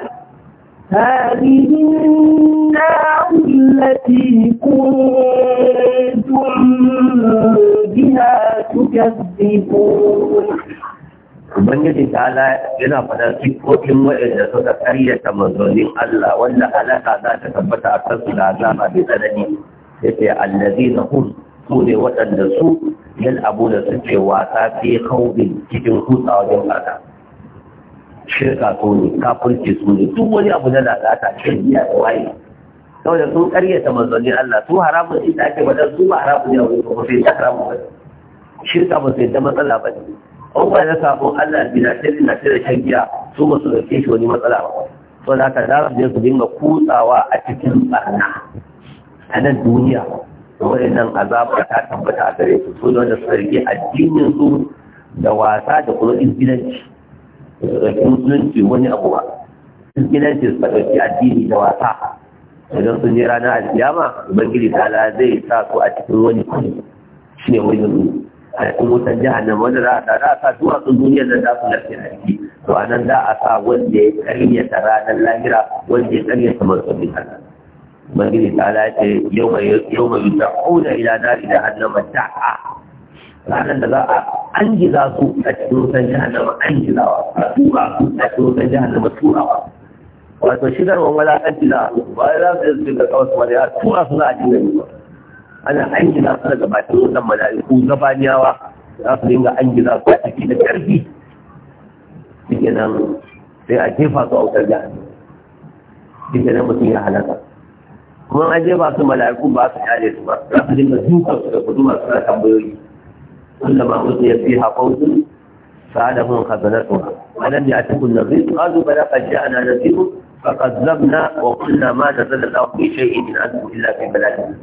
هذه النار التي كنتم بها ta Ubangiji yana fadar sifofin waɗanda suka karyata manzonin Allah wanda alaka za ta tabbata a kansu da azaba mai tsanani ya ce allazi na hun su ne waɗanda su yan abu da suke wasa fi haubin cikin hutsa wajen fata. Shirka su ne, kafirci su ne, duk wani abu na lalata shirya da waye. da sun karyata manzannin Allah su haramun shi da ake ba su ba haramun ne a kuma sai ta haramun ba shirka ba sai ta matsala ba ne an ba na sabon Allah bi na tare na tare shan giya su ba su dauke shi wani matsala ba saboda haka za su je su dinga kutsawa a cikin barna a nan duniya waɗannan azaba ta tabbata a gare su su wanda su rike addinin su da wasa da kuma izgilanci da musulunci wani abu ba izgilanci su ɗauki addini da wasa idan sun je ranar alkiyama ubangiji ta'ala zai sa su a cikin wani kuni shi ne wani nuni a cikin wutan jahannama wanda za a sa za a sa duwatsun duniya nan za su lafiya a ciki to a nan za a sa wanda ya karya ta ranar lahira wanda ya karya karyata matsalolin Allah ubangiji ta'ala ce yau mai yau mai yuta ƙauna ila nari da annama ranar da za a an gida su a cikin wutan jahannama an gidawa a tura su a cikin wutan jahannama turawa wato shi darwan walakanci da bayan za su yi su da kawai kuma ya tura suna a cikin gari ana an gina su daga bakin wannan mala'iku gabaniyawa za su dinga an gina su a ciki da ƙarfi cikin nan sai a jefa su a wutar da cikin nan mutum ya halaka kuma an jefa su mala'iku ba su yare su ba za su dinga dukan su da kudu masu da tambayoyi ma mutum ya fi haƙautu sa'adahun khazanatuha alam su nadhir qalu bala qad ja'ana nadhir فقذبنا وقلنا ما نزل الله في شيء من أنه إلا في بلاد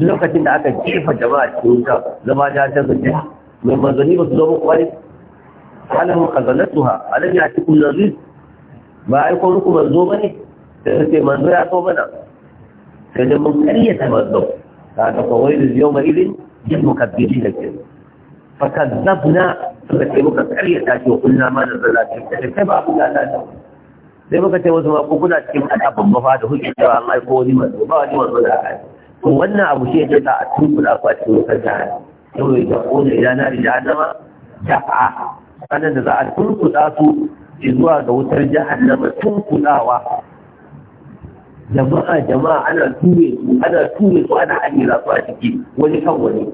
lokacin da aka jefa jama'a cikin wuta zama da ta zace mai manzanni ba su zama kwari. wani alamun kazanatuha alam ya ci kullun zis ba ai ko ruku manzo ne? sai sai manzo ya so bana sai dai mun karyata manzo ta ta kawai da yau mai idin jin mukabbiri da ke fa kazzabna ce muka karyata shi wa kullama da zalati sai ba ku da ta sai muka ce wasu magunguna cikin ana babba fa da hujjar cewa an aiko wani manzo ba wani manzo da aka to wannan abu shi ya ta a tunkula ku a cikin wutar jihar saboda da kone idan na rija nama a sannan da za a kula su zuwa ga wutar jihar nama tunkuɗawa jama'a jama'a ana ture su ana ture su ana ajira su a ciki wani kan wani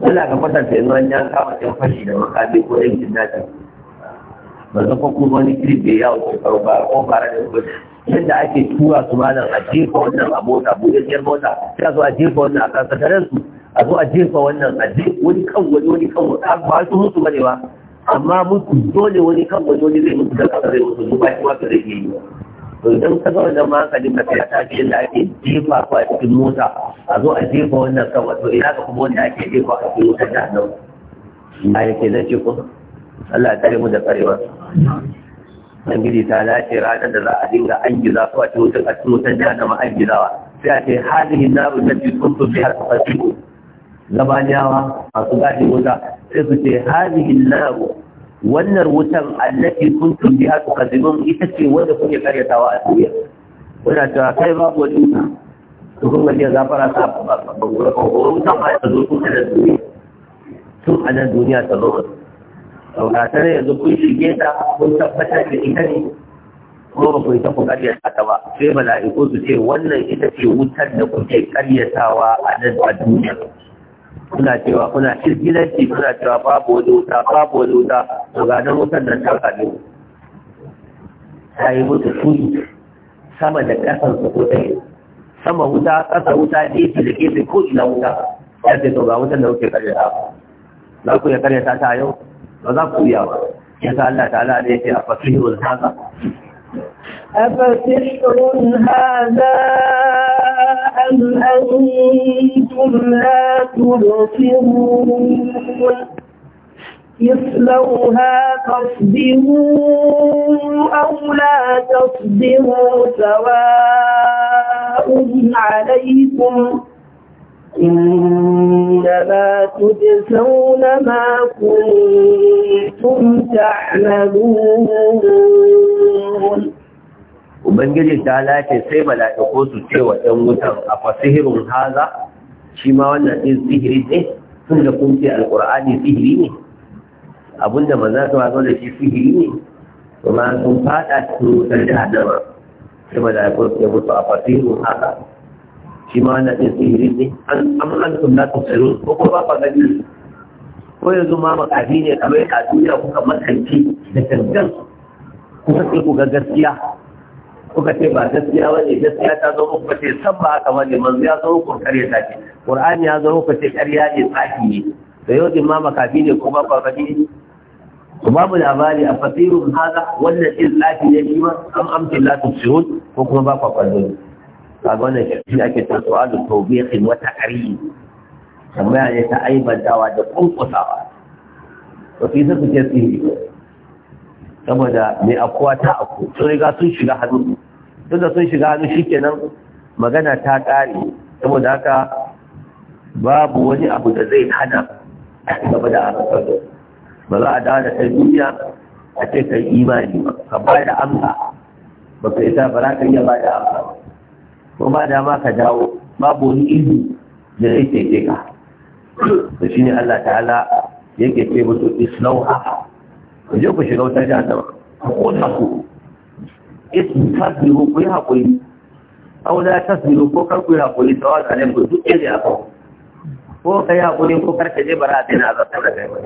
wala ga kwatanta yanzu an ya kama ɗan fashi da makabe ko yankin jinnatin ba zan kuma wani kiri bai yawo shekaru ba ko fara da wani yadda ake tura su ma nan a jefa wannan a mota buɗaɗɗiyar mota ta zo a jefa wannan a kasakarar su a zo a jefa wannan a jefa wani kan wani wani kan wani ba su mutu bane ba amma mutu dole wani kan wani wani zai mutu da kasa zai mutu su ba shi ma ka zai yi to idan ka ga wannan ma ka dinga kai ta ce da ake jefa ko a cikin mota a zo a jefa wannan kan wato ina ka kuma wanda ake jefa a cikin mota da nan ma yake da ce kuma Allah ya tare mu da tsarewa dan gidi ta lace ranar da za a dinga an gida su a cikin a cikin wutar jihar an ma'an gidawa sai a ce hadihin naru na biyu kun tufi har kafasiku gabaniyawa masu gadi wuta sai su ce hadihin naru wannan wutan allati kun tufi har kafasiku ita ce wanda kuke karyatawa a duniya kuna ta kai babu wani wuta su kuma ce zafara sa ba ba ba ba ba ba ba ba ba ba ba ba ba ba ba ba ba ba sau da tare yanzu kun shige ta kun tabbatar da ita ne kuma ba ku yi ta kun karyata ta ba sai mala'iku su ce wannan ita ce wutar da kuke karyatawa a nan a duniya kuna cewa kuna kirgilanci kuna cewa babu wani wuta babu wani wuta to ga nan wutar nan ta kare ta yi musu tudu sama da ƙasar su ko ɗaya sama wuta ƙasa wuta ke da gefe ko ina wuta ya ce to ga wutar da kuke karyata za ku iya karyata ta yau ba za ku iya ba yasa Allah ta'ala هذا أفسحر هذا أم أنتم لا تبصرون يصلوها تصبروا أو لا تصبروا سواء عليكم إنما تجزون ما كنتم تعملون Ubangiji ta lace sai mala'iku su ce wa ɗan wutan a fasihirun haza shi ma wannan ɗin sihiri ne Sun da kun ce alƙur'ani sihiri ne abinda za su wazo da shi sihiri ne kuma sun faɗa su wutar jihar sai mala'iku su ce musu a fasihirun haza imana da na ɗin sihiri ne an an tunna ta tsaro ko ko ba fa ne ko yanzu ma makafi ne kamar a duniya kuka makanci da tangan kuka ce ku ga gaskiya kuka ce ba gaskiya ba ne gaskiya ta zo kuka ce san ba haka wani manzu ya zo muku kare ta ce ƙur'ani ya zo kuka ce ƙarya ne tsaki ne da yau din ma makafi ne ko ba fa gani to babu labari a fasirun haza wannan din tsaki ne shi ma am amtin la ko kuma ba fa ne kaga wannan shi ake ta da tawbiqin wata ƙari, kamar ne ta aibantawa da kunkusawa to sai su ce yi. saboda mai akuwa ta aku sun riga sun shiga hannu sun da sun shiga hannu shikenan magana ta ƙare saboda haka babu wani abu da zai hana gaba da harkar ba za a dawo da kai duniya a ce kai imani ba ka ba da amsa ba ka isa ba za ka iya ba da amsa ko ba dama ka dawo babu wani ido da zai taike ka to shine Allah ta'ala yake ce musu islauha ku je ku shiga wutar jahannama ku kona ku isfabiru ku yi haƙuri aw la tasbiru ko kar ku yi haƙuri sawa da alaikum duk ne a kawo ko ka yi haƙuri ko kar ka je bara ta na zata da kai ba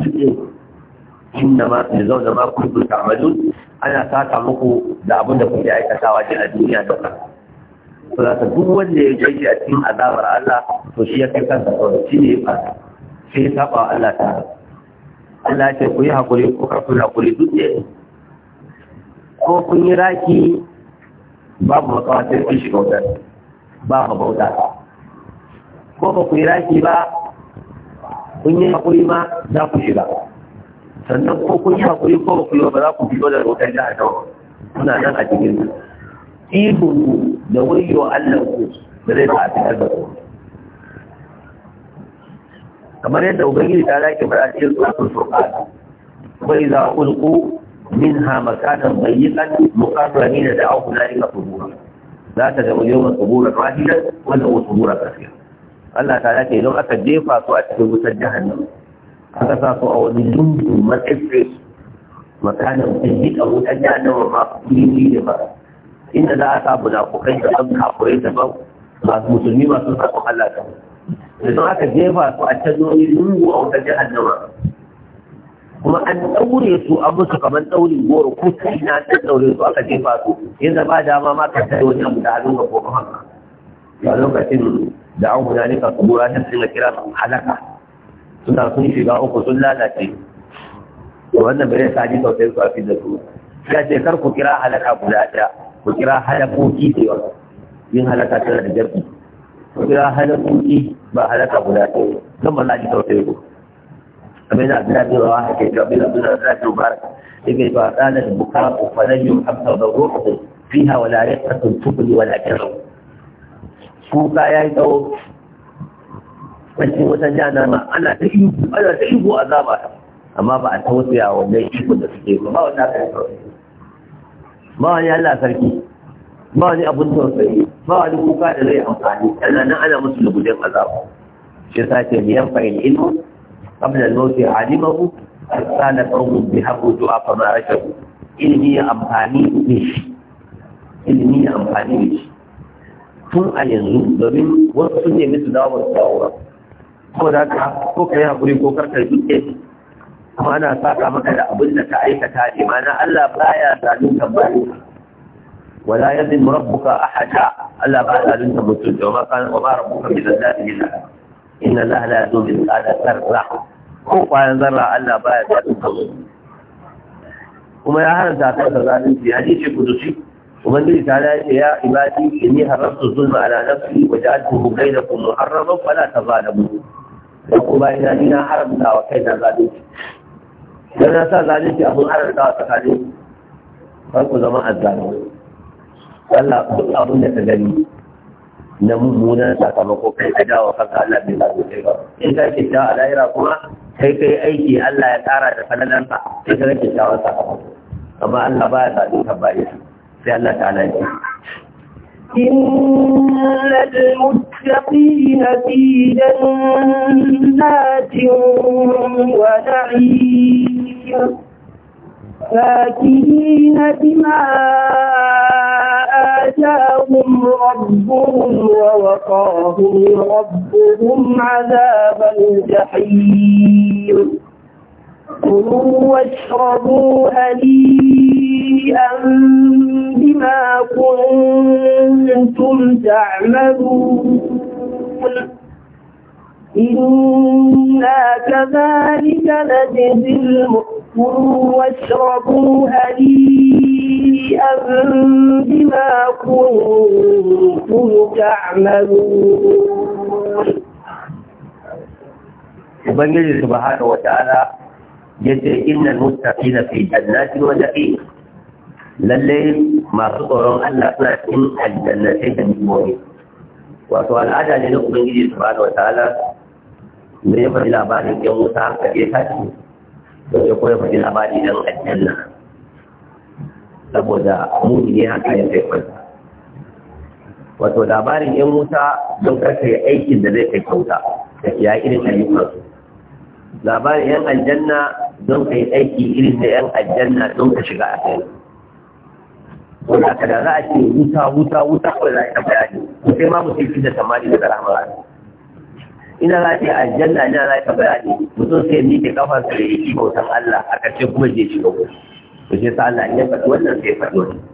inda ma su da ma ku ta'malun ana sata muku da abin da kuke aikatawa a duniya da kuma to za duk wanda ya jirgi a cikin azabar Allah to shi ya kai kansa kawai shi ne ya sai ya saba Allah ta Allah ya ce ku yi hakuri ko kar ku hakuri duk da ko kun yi raki babu makawa sai kun shiga wutar ba bauta ko ba ku yi raki ba kun yi hakuri ma za ku shiga sannan ko kun yi hakuri ko ba ku yi ba za ku fito da wutar jihar kuna nan a cikin ihun da wayo Allah ku da zai ba ta da ku kamar yadda ubangiji ta zaƙi fara cikin min furqan wa idza ulqu minha makatan bayyitan muqarrabin da'u rika thubura za ta ga yawma thubura rahila wa da'u thubura kathira Allah ta lake idan aka jefa su a cikin wutar jahannam aka sa su a wani dundu matsayi makanan bayyitan wutar jahannam ba ku yi da ba inda za a samu munafukai da ɗan kafurai da ba, masu musulmi masu sakon halatta da don aka jefa su a can nomi lungu a wutar nama kuma an ɗaure su an musu kamar ɗaure goro ko ta ina ta ɗaure su aka jefa su yanzu ba dama ma ka tare wani abu da halin ga ko haka a lokacin da an gudanar ka kubura ta suna kira su halaka suna sun shiga uku sun lalace wannan bai sa ji sosai su a fi da su ya ce kar ku kira halaka guda ɗaya ku kira halakoki da yawa yin halaka tana da jarki ku kira halakoki ba halaka guda ɗaya don ba za a ji tausayi ku kamar yana da dafi rawa hake ga bin abin da za ta mubarak yake ba da buka ko fadan yin hamsa da roƙa fiha wala yaqatun tubli wala kirau kuka yi tsawo wacce wata jana ma ana ta ihu ana ta ihu azaba amma ba a tausaya wannan ihu da suke ba ba wanda aka yi ba wani Allah sarki ba wani abun tausayi ba wani kuka da zai amfani Allah nan ana musu lubudin azabu shi sa ce biyan fa'il ilmu qabla al-mawt alimahu sana qawmun bi haqqi du'a fa ma ilmi ya amfani ne shi ilmi ya amfani ne shi tun a yanzu domin wasu sun nemi su dawo da tsawo ko da ka ko kai hakuri ko karkar duk kuma ana saka maka da abin da ka aikata ne mana Allah baya zalunta bayan wala yazin rabbuka ahada Allah ba zalunta mutum da ma kan wa rabbuka bi zalati illa inna Allah la yuzul bil zarra ko kwayan zarra Allah baya zalunta kuma ya haranta ka da zalunci hadisi kudusi ubangiji ta da ya ibadi inni haramtu zulma ala nafsi wa ja'altuhu bainakum muharraman fala tazalamu ko bayan ina haramta wa kai da zalunci dan ya sa zalunci abin ararka a tsakanin kan ku zama azzalumai Allah duk abin da ta gani na mummuna sakamako kai ka dawo kanka Allah bai zaɓi kai ba in ka ke ta alaira kuma kai kai aiki Allah ya tsara da falalansa sai ka rage shawar sakamako amma Allah ba ya zaɓi ka bayan sai Allah ta ala ce إن المتقين في جنات ونعيم فاكهين بما آتاهم ربهم ووقاهم ربهم عذاب الجحيم كلوا واشربوا هنيئا بما كنتم تعملون إنا كذلك نجزي المؤمنين كلوا واشربوا هنيئا بما كنتم تعملون Ubangiji subhanahu wa ta'ala yace innal muttaqina fi jannatin wa na'im lalle masu tsoron Allah suna cikin aljannatai da nimomi wato al'ada ne na ubangiji subhanahu wa ta'ala da ya faɗi labarin yan wuta a ke tashi ya kuma faɗi labari ɗan aljanna saboda muni ne haka ya kai kwanta wato labarin yan wuta don karkare aikin da zai kai kyauta da ya irin ayyukansu labarin yan aljanna don kai aiki irin da yan aljanna don ka shiga a kai wanda aka da za a ce wuta wuta wuta kawai za a yi ta bayani sai ma mutum fi da samari da rahama ina za a janna ina za a bayani mutum sai ni ke kafar sa ya yi bautan Allah a karshe kuma je shiga gobe to sai sa Allah ya faɗi wannan sai faɗi wannan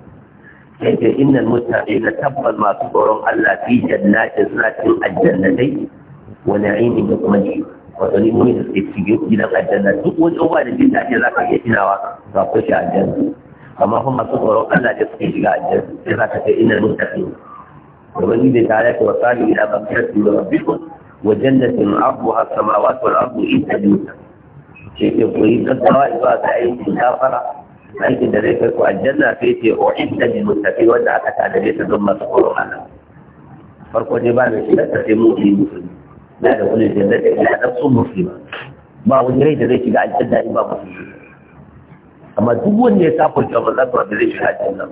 sai ce mutane na tabbal masu tsoron Allah fi jannati suna cikin aljannatai wa na'imi da kuma ji wato ni mun sai cikin gidan aljanna duk wani uwa da jin daɗi za ka iya tunawa ba ko shi aljanna amma kuma masu tsoron Allah da suke shiga aljanna sai zaka ce inna muttaqina domin ni da tare da wasali ila bakkatin da rabbikum وجنة عرضها السماوات والأرض إن شيء يقول السماء إذا أي كافرة أي ذلك الجنة في أعد للمتقين وجعلت ta don masu koro أنا farko ne ba da shi da sai mu yi musulmi na da wani da zai da da musulma ba wani rai da zai shiga aljanna in ba musulmi amma duk wanda ya kafa jama'a zai shiga aljanna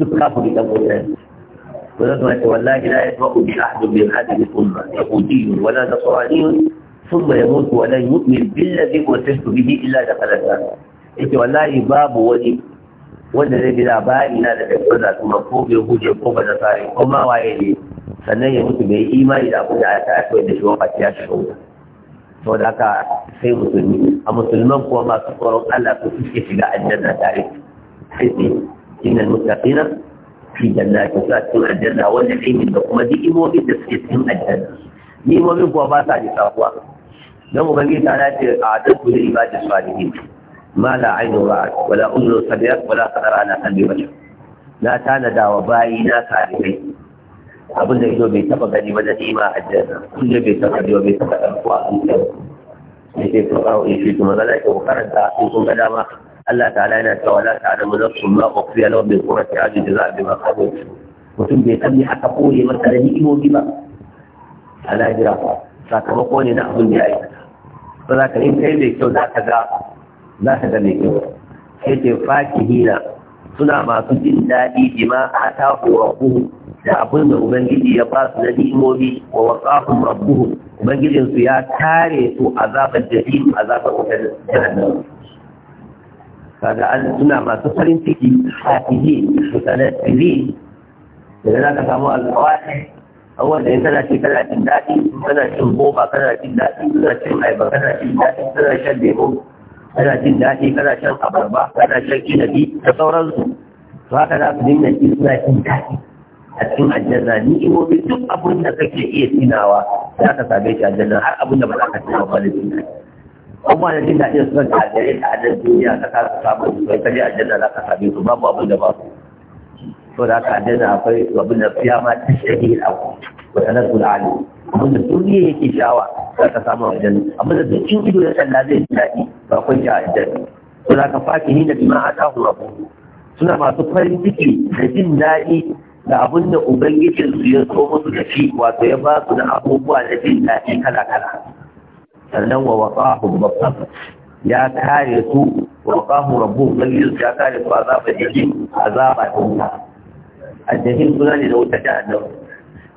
duk kafin ونبهت والله لا يسمع بأحد من هذه الأمة يهودي ولا نصراني ثم يموت ولا يؤمن بالذي أرسلت به إلا دخل النار إنت والله باب ولي wanda zai bi labari na da ɗan da kuma ko bai huje ko ba da tsari ko ma waye ne sannan ya mutu bai imani da abin da aka aiko da shi wa ya shiga wuta to da haka sai musulmi a musulman kuwa masu tsoron Allah su suke shiga aljanna tare sai sai innal muttaqina fi jannati sa cikin aljanna wannan aikin da kuma ni'imomin da suke cikin aljanna ni'imomin kuwa ba sa kuwa. don ubangiji ta na ce a tattu da ibadin salihin ma la aino ba wala uzru sabiyat wala qadara ala qalbi bashar na tanada wa bayi na salihai abin da ido bai taba gani ba da ni'ima aljanna kullum bai taba gani bai taba ɗan kuwa a aljanna sai ce to kawo in shi kuma zalaka ko karanta in kun ga dama Allah ta'ala yana cewa la ta'lamu nafsun ma ukhfiya lahum min qurrati a'yunin jazaa'an bima qalu mutum bai san haka aka koye masa da ni'imomi ba a lahira sakamako ne na abin da ya aikata ba za ka yi kai mai kyau za ka ga za ka ga mai kyau sai ce Hina suna masu jin daɗi bima ata kuhu da abin da ubangiji ya ba su na ni'imomi wa wasafin rabbuhu ubangijinsu ya kare su azabar jahim azabar wutar jahannam kaga an suna masu farin ciki hafihi mutanen tsiri idan za ka samu alƙawari abubuwan da in kana kana cin daɗi in kana cin boba kana cin daɗi kana cin aiba kana cin daɗi kana shan lemo kana cin daɗi kana shan abarba kana shan inabi da sauransu to haka za su dinga ci suna cin daɗi a cikin aljanna bi duk abin da kake iya tunawa za ka same shi aljanna har abin da ba za ka tunawa ba da tunawa kuma da jin daɗin suna da ajiyar da ajiyar duniya ta kasa samun kai kaje ajiyar da za ka same su babu abin da ba su to da ka ajiyar da akwai abin da fiya ma ta shahi da ku wata na su da ali abin da duniya yake shawa za ka samu wajen abin da dukkan ido ya tsalla zai ji daɗi ba kun ji ajiyar to da ka faki ni da bima a tahu rabu suna masu farin ciki da jin daɗi da abin da ubangijinsu ya so musu da shi wato ya ba su da abubuwa da jin daɗi kala-kala sannan wa waƙahu rabbuh ya kare su waƙahu rabu mai min ya kare su azaba jahim azaba ta wuta a jahim suna ne da wuta ta annabi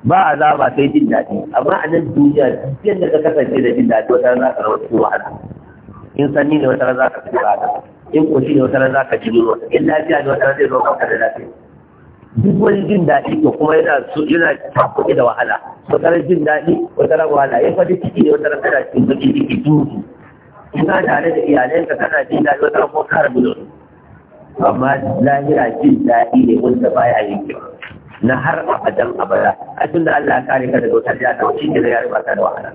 ba azaba sai jin daɗi amma a nan duniya duk da ka kasance da jin daɗi wata za ka rawar ciwo ala in sanni ne wata za ka fi hada in kushi ne wata za ka ci ruwa in lafiya ne wata zai zo ka da lafiya duk wani jin daɗi to kuma yana so yana tafiye da wahala wata jin daɗi wata ran wahala ya fadi ciki ne wata ran kana cikin baki ciki duhu ina tare da iyalanka kana jin daɗi wata ran kuma kara bulo amma lahira jin daɗi ne wanda baya yin kyau na har abadan abada a tun da Allah kare ka daga wutar jihar shi ne da ya riba ka da wahala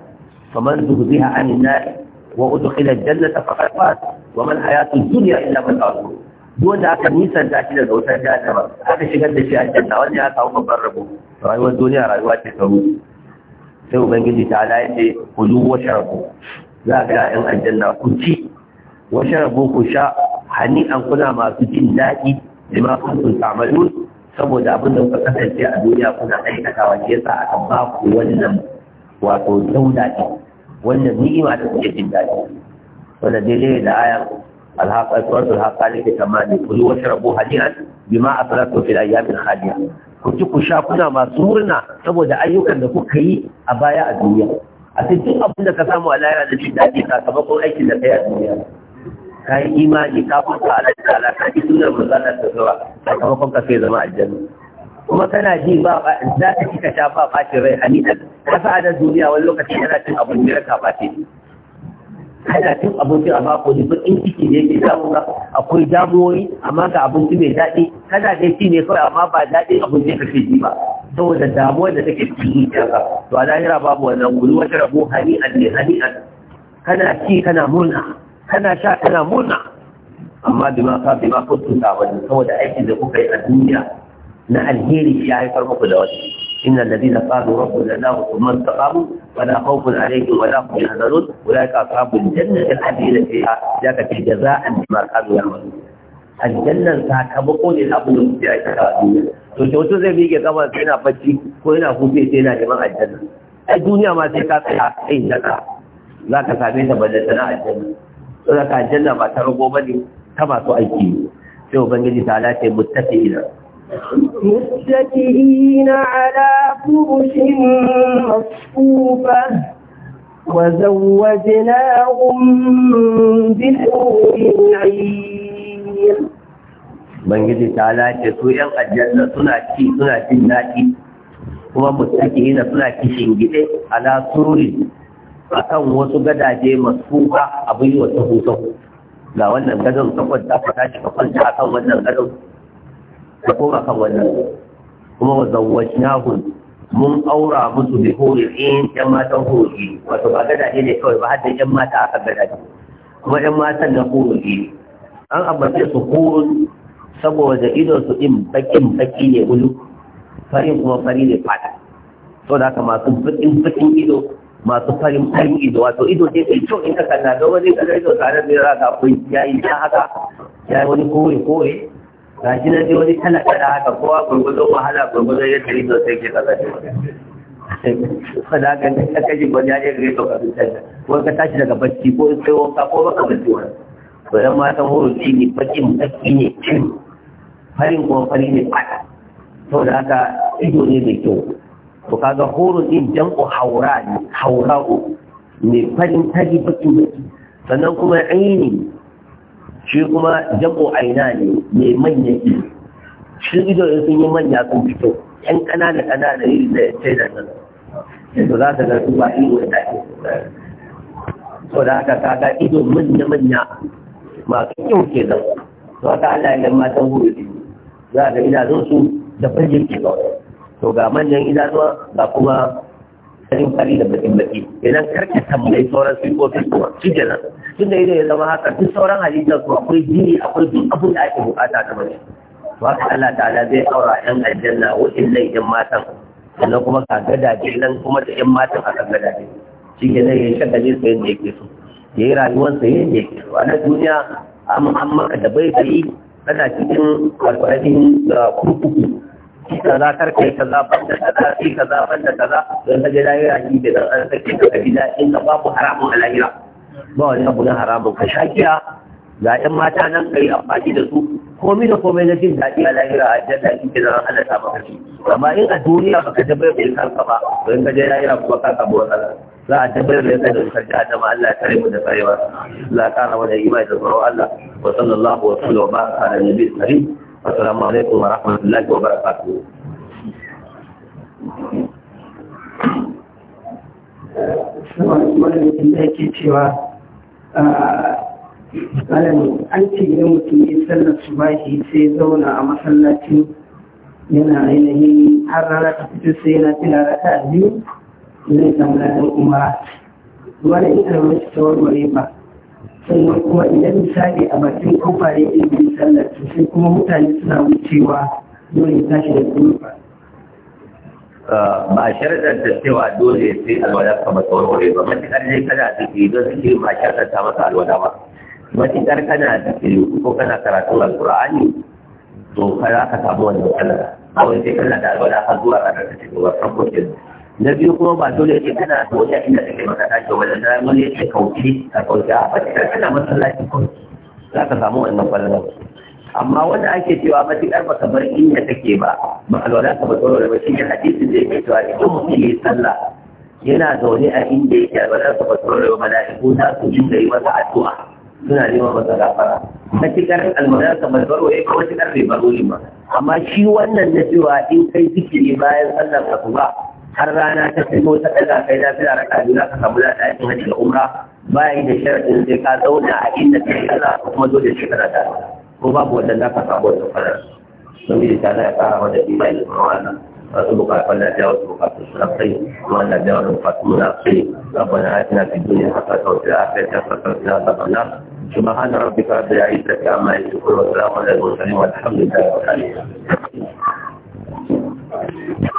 faman zuhziha anin nar wa udkhila jannata faqad fat wa man hayatu dunya illa mata'ul wanda aka da shi daga wutar ba aka shigar da shi a jata wanda ya kawo babban rabo rayuwar duniya rayuwa ce ta sai ubangiji ta ala yace ku zu wa sharabu za ga yan aljanna ku ci washe rabu ku sha hani an kuna masu jin daɗi lima kuntum ta'malun saboda abin da kuka kasance a duniya kuna aikatawa shi yasa aka ba ku wannan wato dauda wannan ni'ima da kuke jin daɗi wanda daidai da aya الحق اكبر الحق قال لك كما يقولوا واشربوا هنيئا بما اسلفتم في الايام الخاليه كنت كشا كنا مسورنا سبب ايوك ان كنت كي ابايا الدنيا اتي دي ابن ده سامو على يد الشدادي كسبكم اي كده في الدنيا kai imani ka fuka ala ta'ala ka ji tunar mazana ta zuwa kai kuma kun kafe zama aljanna kuma kana ji ba ba za kika ta ba rai hanita ka sa da duniya wani lokaci yana cin abun da ka fati kana tun abinci amma ko ba in ciki ne yake samu ka akwai damuwoyi amma ga abinci mai daɗi kana dai ci ne kawai amma ba daɗin abinci ka ji ba saboda damuwar da take cikin zuciyarka to a lahira babu wannan guri wata rabo hani'an ne hani'an kana ci kana murna kana sha kana murna amma bima ka bima kuntum ta'malun saboda aikin da kuka yi a duniya na alheri ya haifar muku da wani إن الذين قالوا ربنا الله ثم استقاموا ولا خوف عليهم ولا هم يحزنون أولئك أصحاب الجنة الحديثة فيها ذاك في جزاء بما كانوا يعملون aljannan sakamako ne na abin da a duniya to ce wato zai miƙe kamar sai yana bacci ko yana hufe sai yana neman aljanna ai duniya ma sai ka tsaya kai daga za ka same ta ba da sana aljanna to da ka aljanna ba ta rago ba ne ta masu aiki sai ubangiji ta lace ina. متكئين على فرش مصفوفة وزوجناهم بحور عين Ubangiji ta lace su ‘yan aljanna suna ci suna jin daɗi, kuma mutane suna kishin gide ala sururi a kan wasu gadaje masu abin yi wa tahu ga wannan gadon ta da aka tashi kwanta a kan wannan gadon da kuma kan wannan kuma wa zawwajnahum mun aura musu bi in yan matan hori wato ba gada ne kawai ba hadda yan mata aka ne. kuma yan matan na hori an abace su hori saboda idon su din bakin baki ne gudu, farin kuma fari ne fata to da masu bakin bakin ido masu farin farin ido wato ido dai kai to in ka kalla da wani kalar ido tare da ya ga kun yayi ta haka yayi wani kore kore ga shi na ji wani tana kada haka kowa gurgudun wahala gurgudun yadda yi sosai ke kasa ce wani haka ne ka kashi gwani ya je gare to ka fitar da wani ka tashi daga bacci ko sai wanka ko baka bacci wani to yan matan hurufi ne baki mutaki ne cin farin kuma farin ne fata to da haka ido ne mai kyau to kaga hurufi jan'u haura ne haura'u ne farin tari baki baki sannan kuma aini shi kuma jam'u aina ne mai manyan ido shi ido ya sun yi manya sun fito yan ƙanana ƙanana iri da sai da nan yanzu za ka ga su ba ido da ake so da haka ka ga ido manya manya masu kyau ke nan to haka Allah ya matan huru za ka idanun su da fage ke nan to ga manyan idanuwa ga kuma jin fari da bakin baki idan karka tambayi sauran sifofi kuma su jira tun da idan ya zama haka duk sauran halittar su akwai jini akwai duk abin da ake bukata ta mace to haka Allah ta'ala zai aura yan aljanna wa'annan yan matan sannan kuma ka gadaje nan kuma da yan matan aka gadaje shi nan ya shagali su yadda yake so ya yi rayuwarsa yadda yake so a na duniya an maka da bai da yi kana cikin wato da uh, kurkuku ki kaza kar kai kaza banda kaza ki kaza banda kaza don ta je lahira shi da zan an sake ka kabila inda babu haramun a lahira ba wani abu na haramun ka shakiya ga ƴan mata nan kai amfani da su komai da komai na jin daɗi a lahira a janna in ki zan halatta maka shi amma in a duniya baka tabbai bai kanka ba don ka je lahira kuma ka samu matsala za a tabbai bai kanka da wutar jahannama Allah ya kare mu da tsarewa za a kara mana imani da tsaro Allah wa sallallahu wa sallam wa baraka ala nabiyyi karim assalamu alaikum wa rahmatullahi wa barakatuh wanda yake cewa malam an ce idan mutum ya ah, sallar su bashi sai zauna a masallacin yana ainihin har rana ta fito sai yana tila rata a biyu zai samu ladan umara wani ita da wani ta warware ba sannan kuma idan misali a bakin kofa ne ilimin sallar to sai kuma mutane suna wucewa dole tashi da kuma ah, ba a sharadar da cewa dole sai alwala ka masa warware ba matuƙar dai kana zikiri don zikiri ba sharadar ta masa alwala ba matuƙar kana zikiri ko kana karatun alƙur'ani to kana ka samu wannan sallar kawai sai kana da alwala har zuwa ranar da ta gaba farko kenan na biyu kuma ba dole ce kana so ya inda take maka ke wajen da mun ya ce kauce a kauce a fata kana masallaci ko za ka samu wannan kwallon amma wanda ake cewa matuƙar baka bar inda take ba ba alwala ka ba tsoro ba ne, hadisin da yake cewa idan mutum yi sallah yana zaune a inda yake alwala ka ba tsoro ba mala'iku za su dinga yi masa addu'a suna neman masa gafara matuƙar alwala ka ba tsoro yayi eh, ko matuƙar bai baro ba amma shi wannan na cewa in kai zikiri bayan sallar asuba har rana ta fi ta daga kai na fi raka biyu za ka samu na ɗakin hajji da umra bayan da sharaɗin sai ka zauna a inda ta yi kaza kuma dole shi kana da ko babu wanda za ka samu wata fara bi da ta ya fara wanda bayan da mawana wasu bukatun da jawo su bukatun su na rafai kuma da jawo su bukatun mu rafai rabbana atina fid dunya hasanatan wa fil akhirati hasanatan wa qina adhaban nar سبحان ربك رب العزة عما يصفون وسلام على المرسلين والحمد لله رب العالمين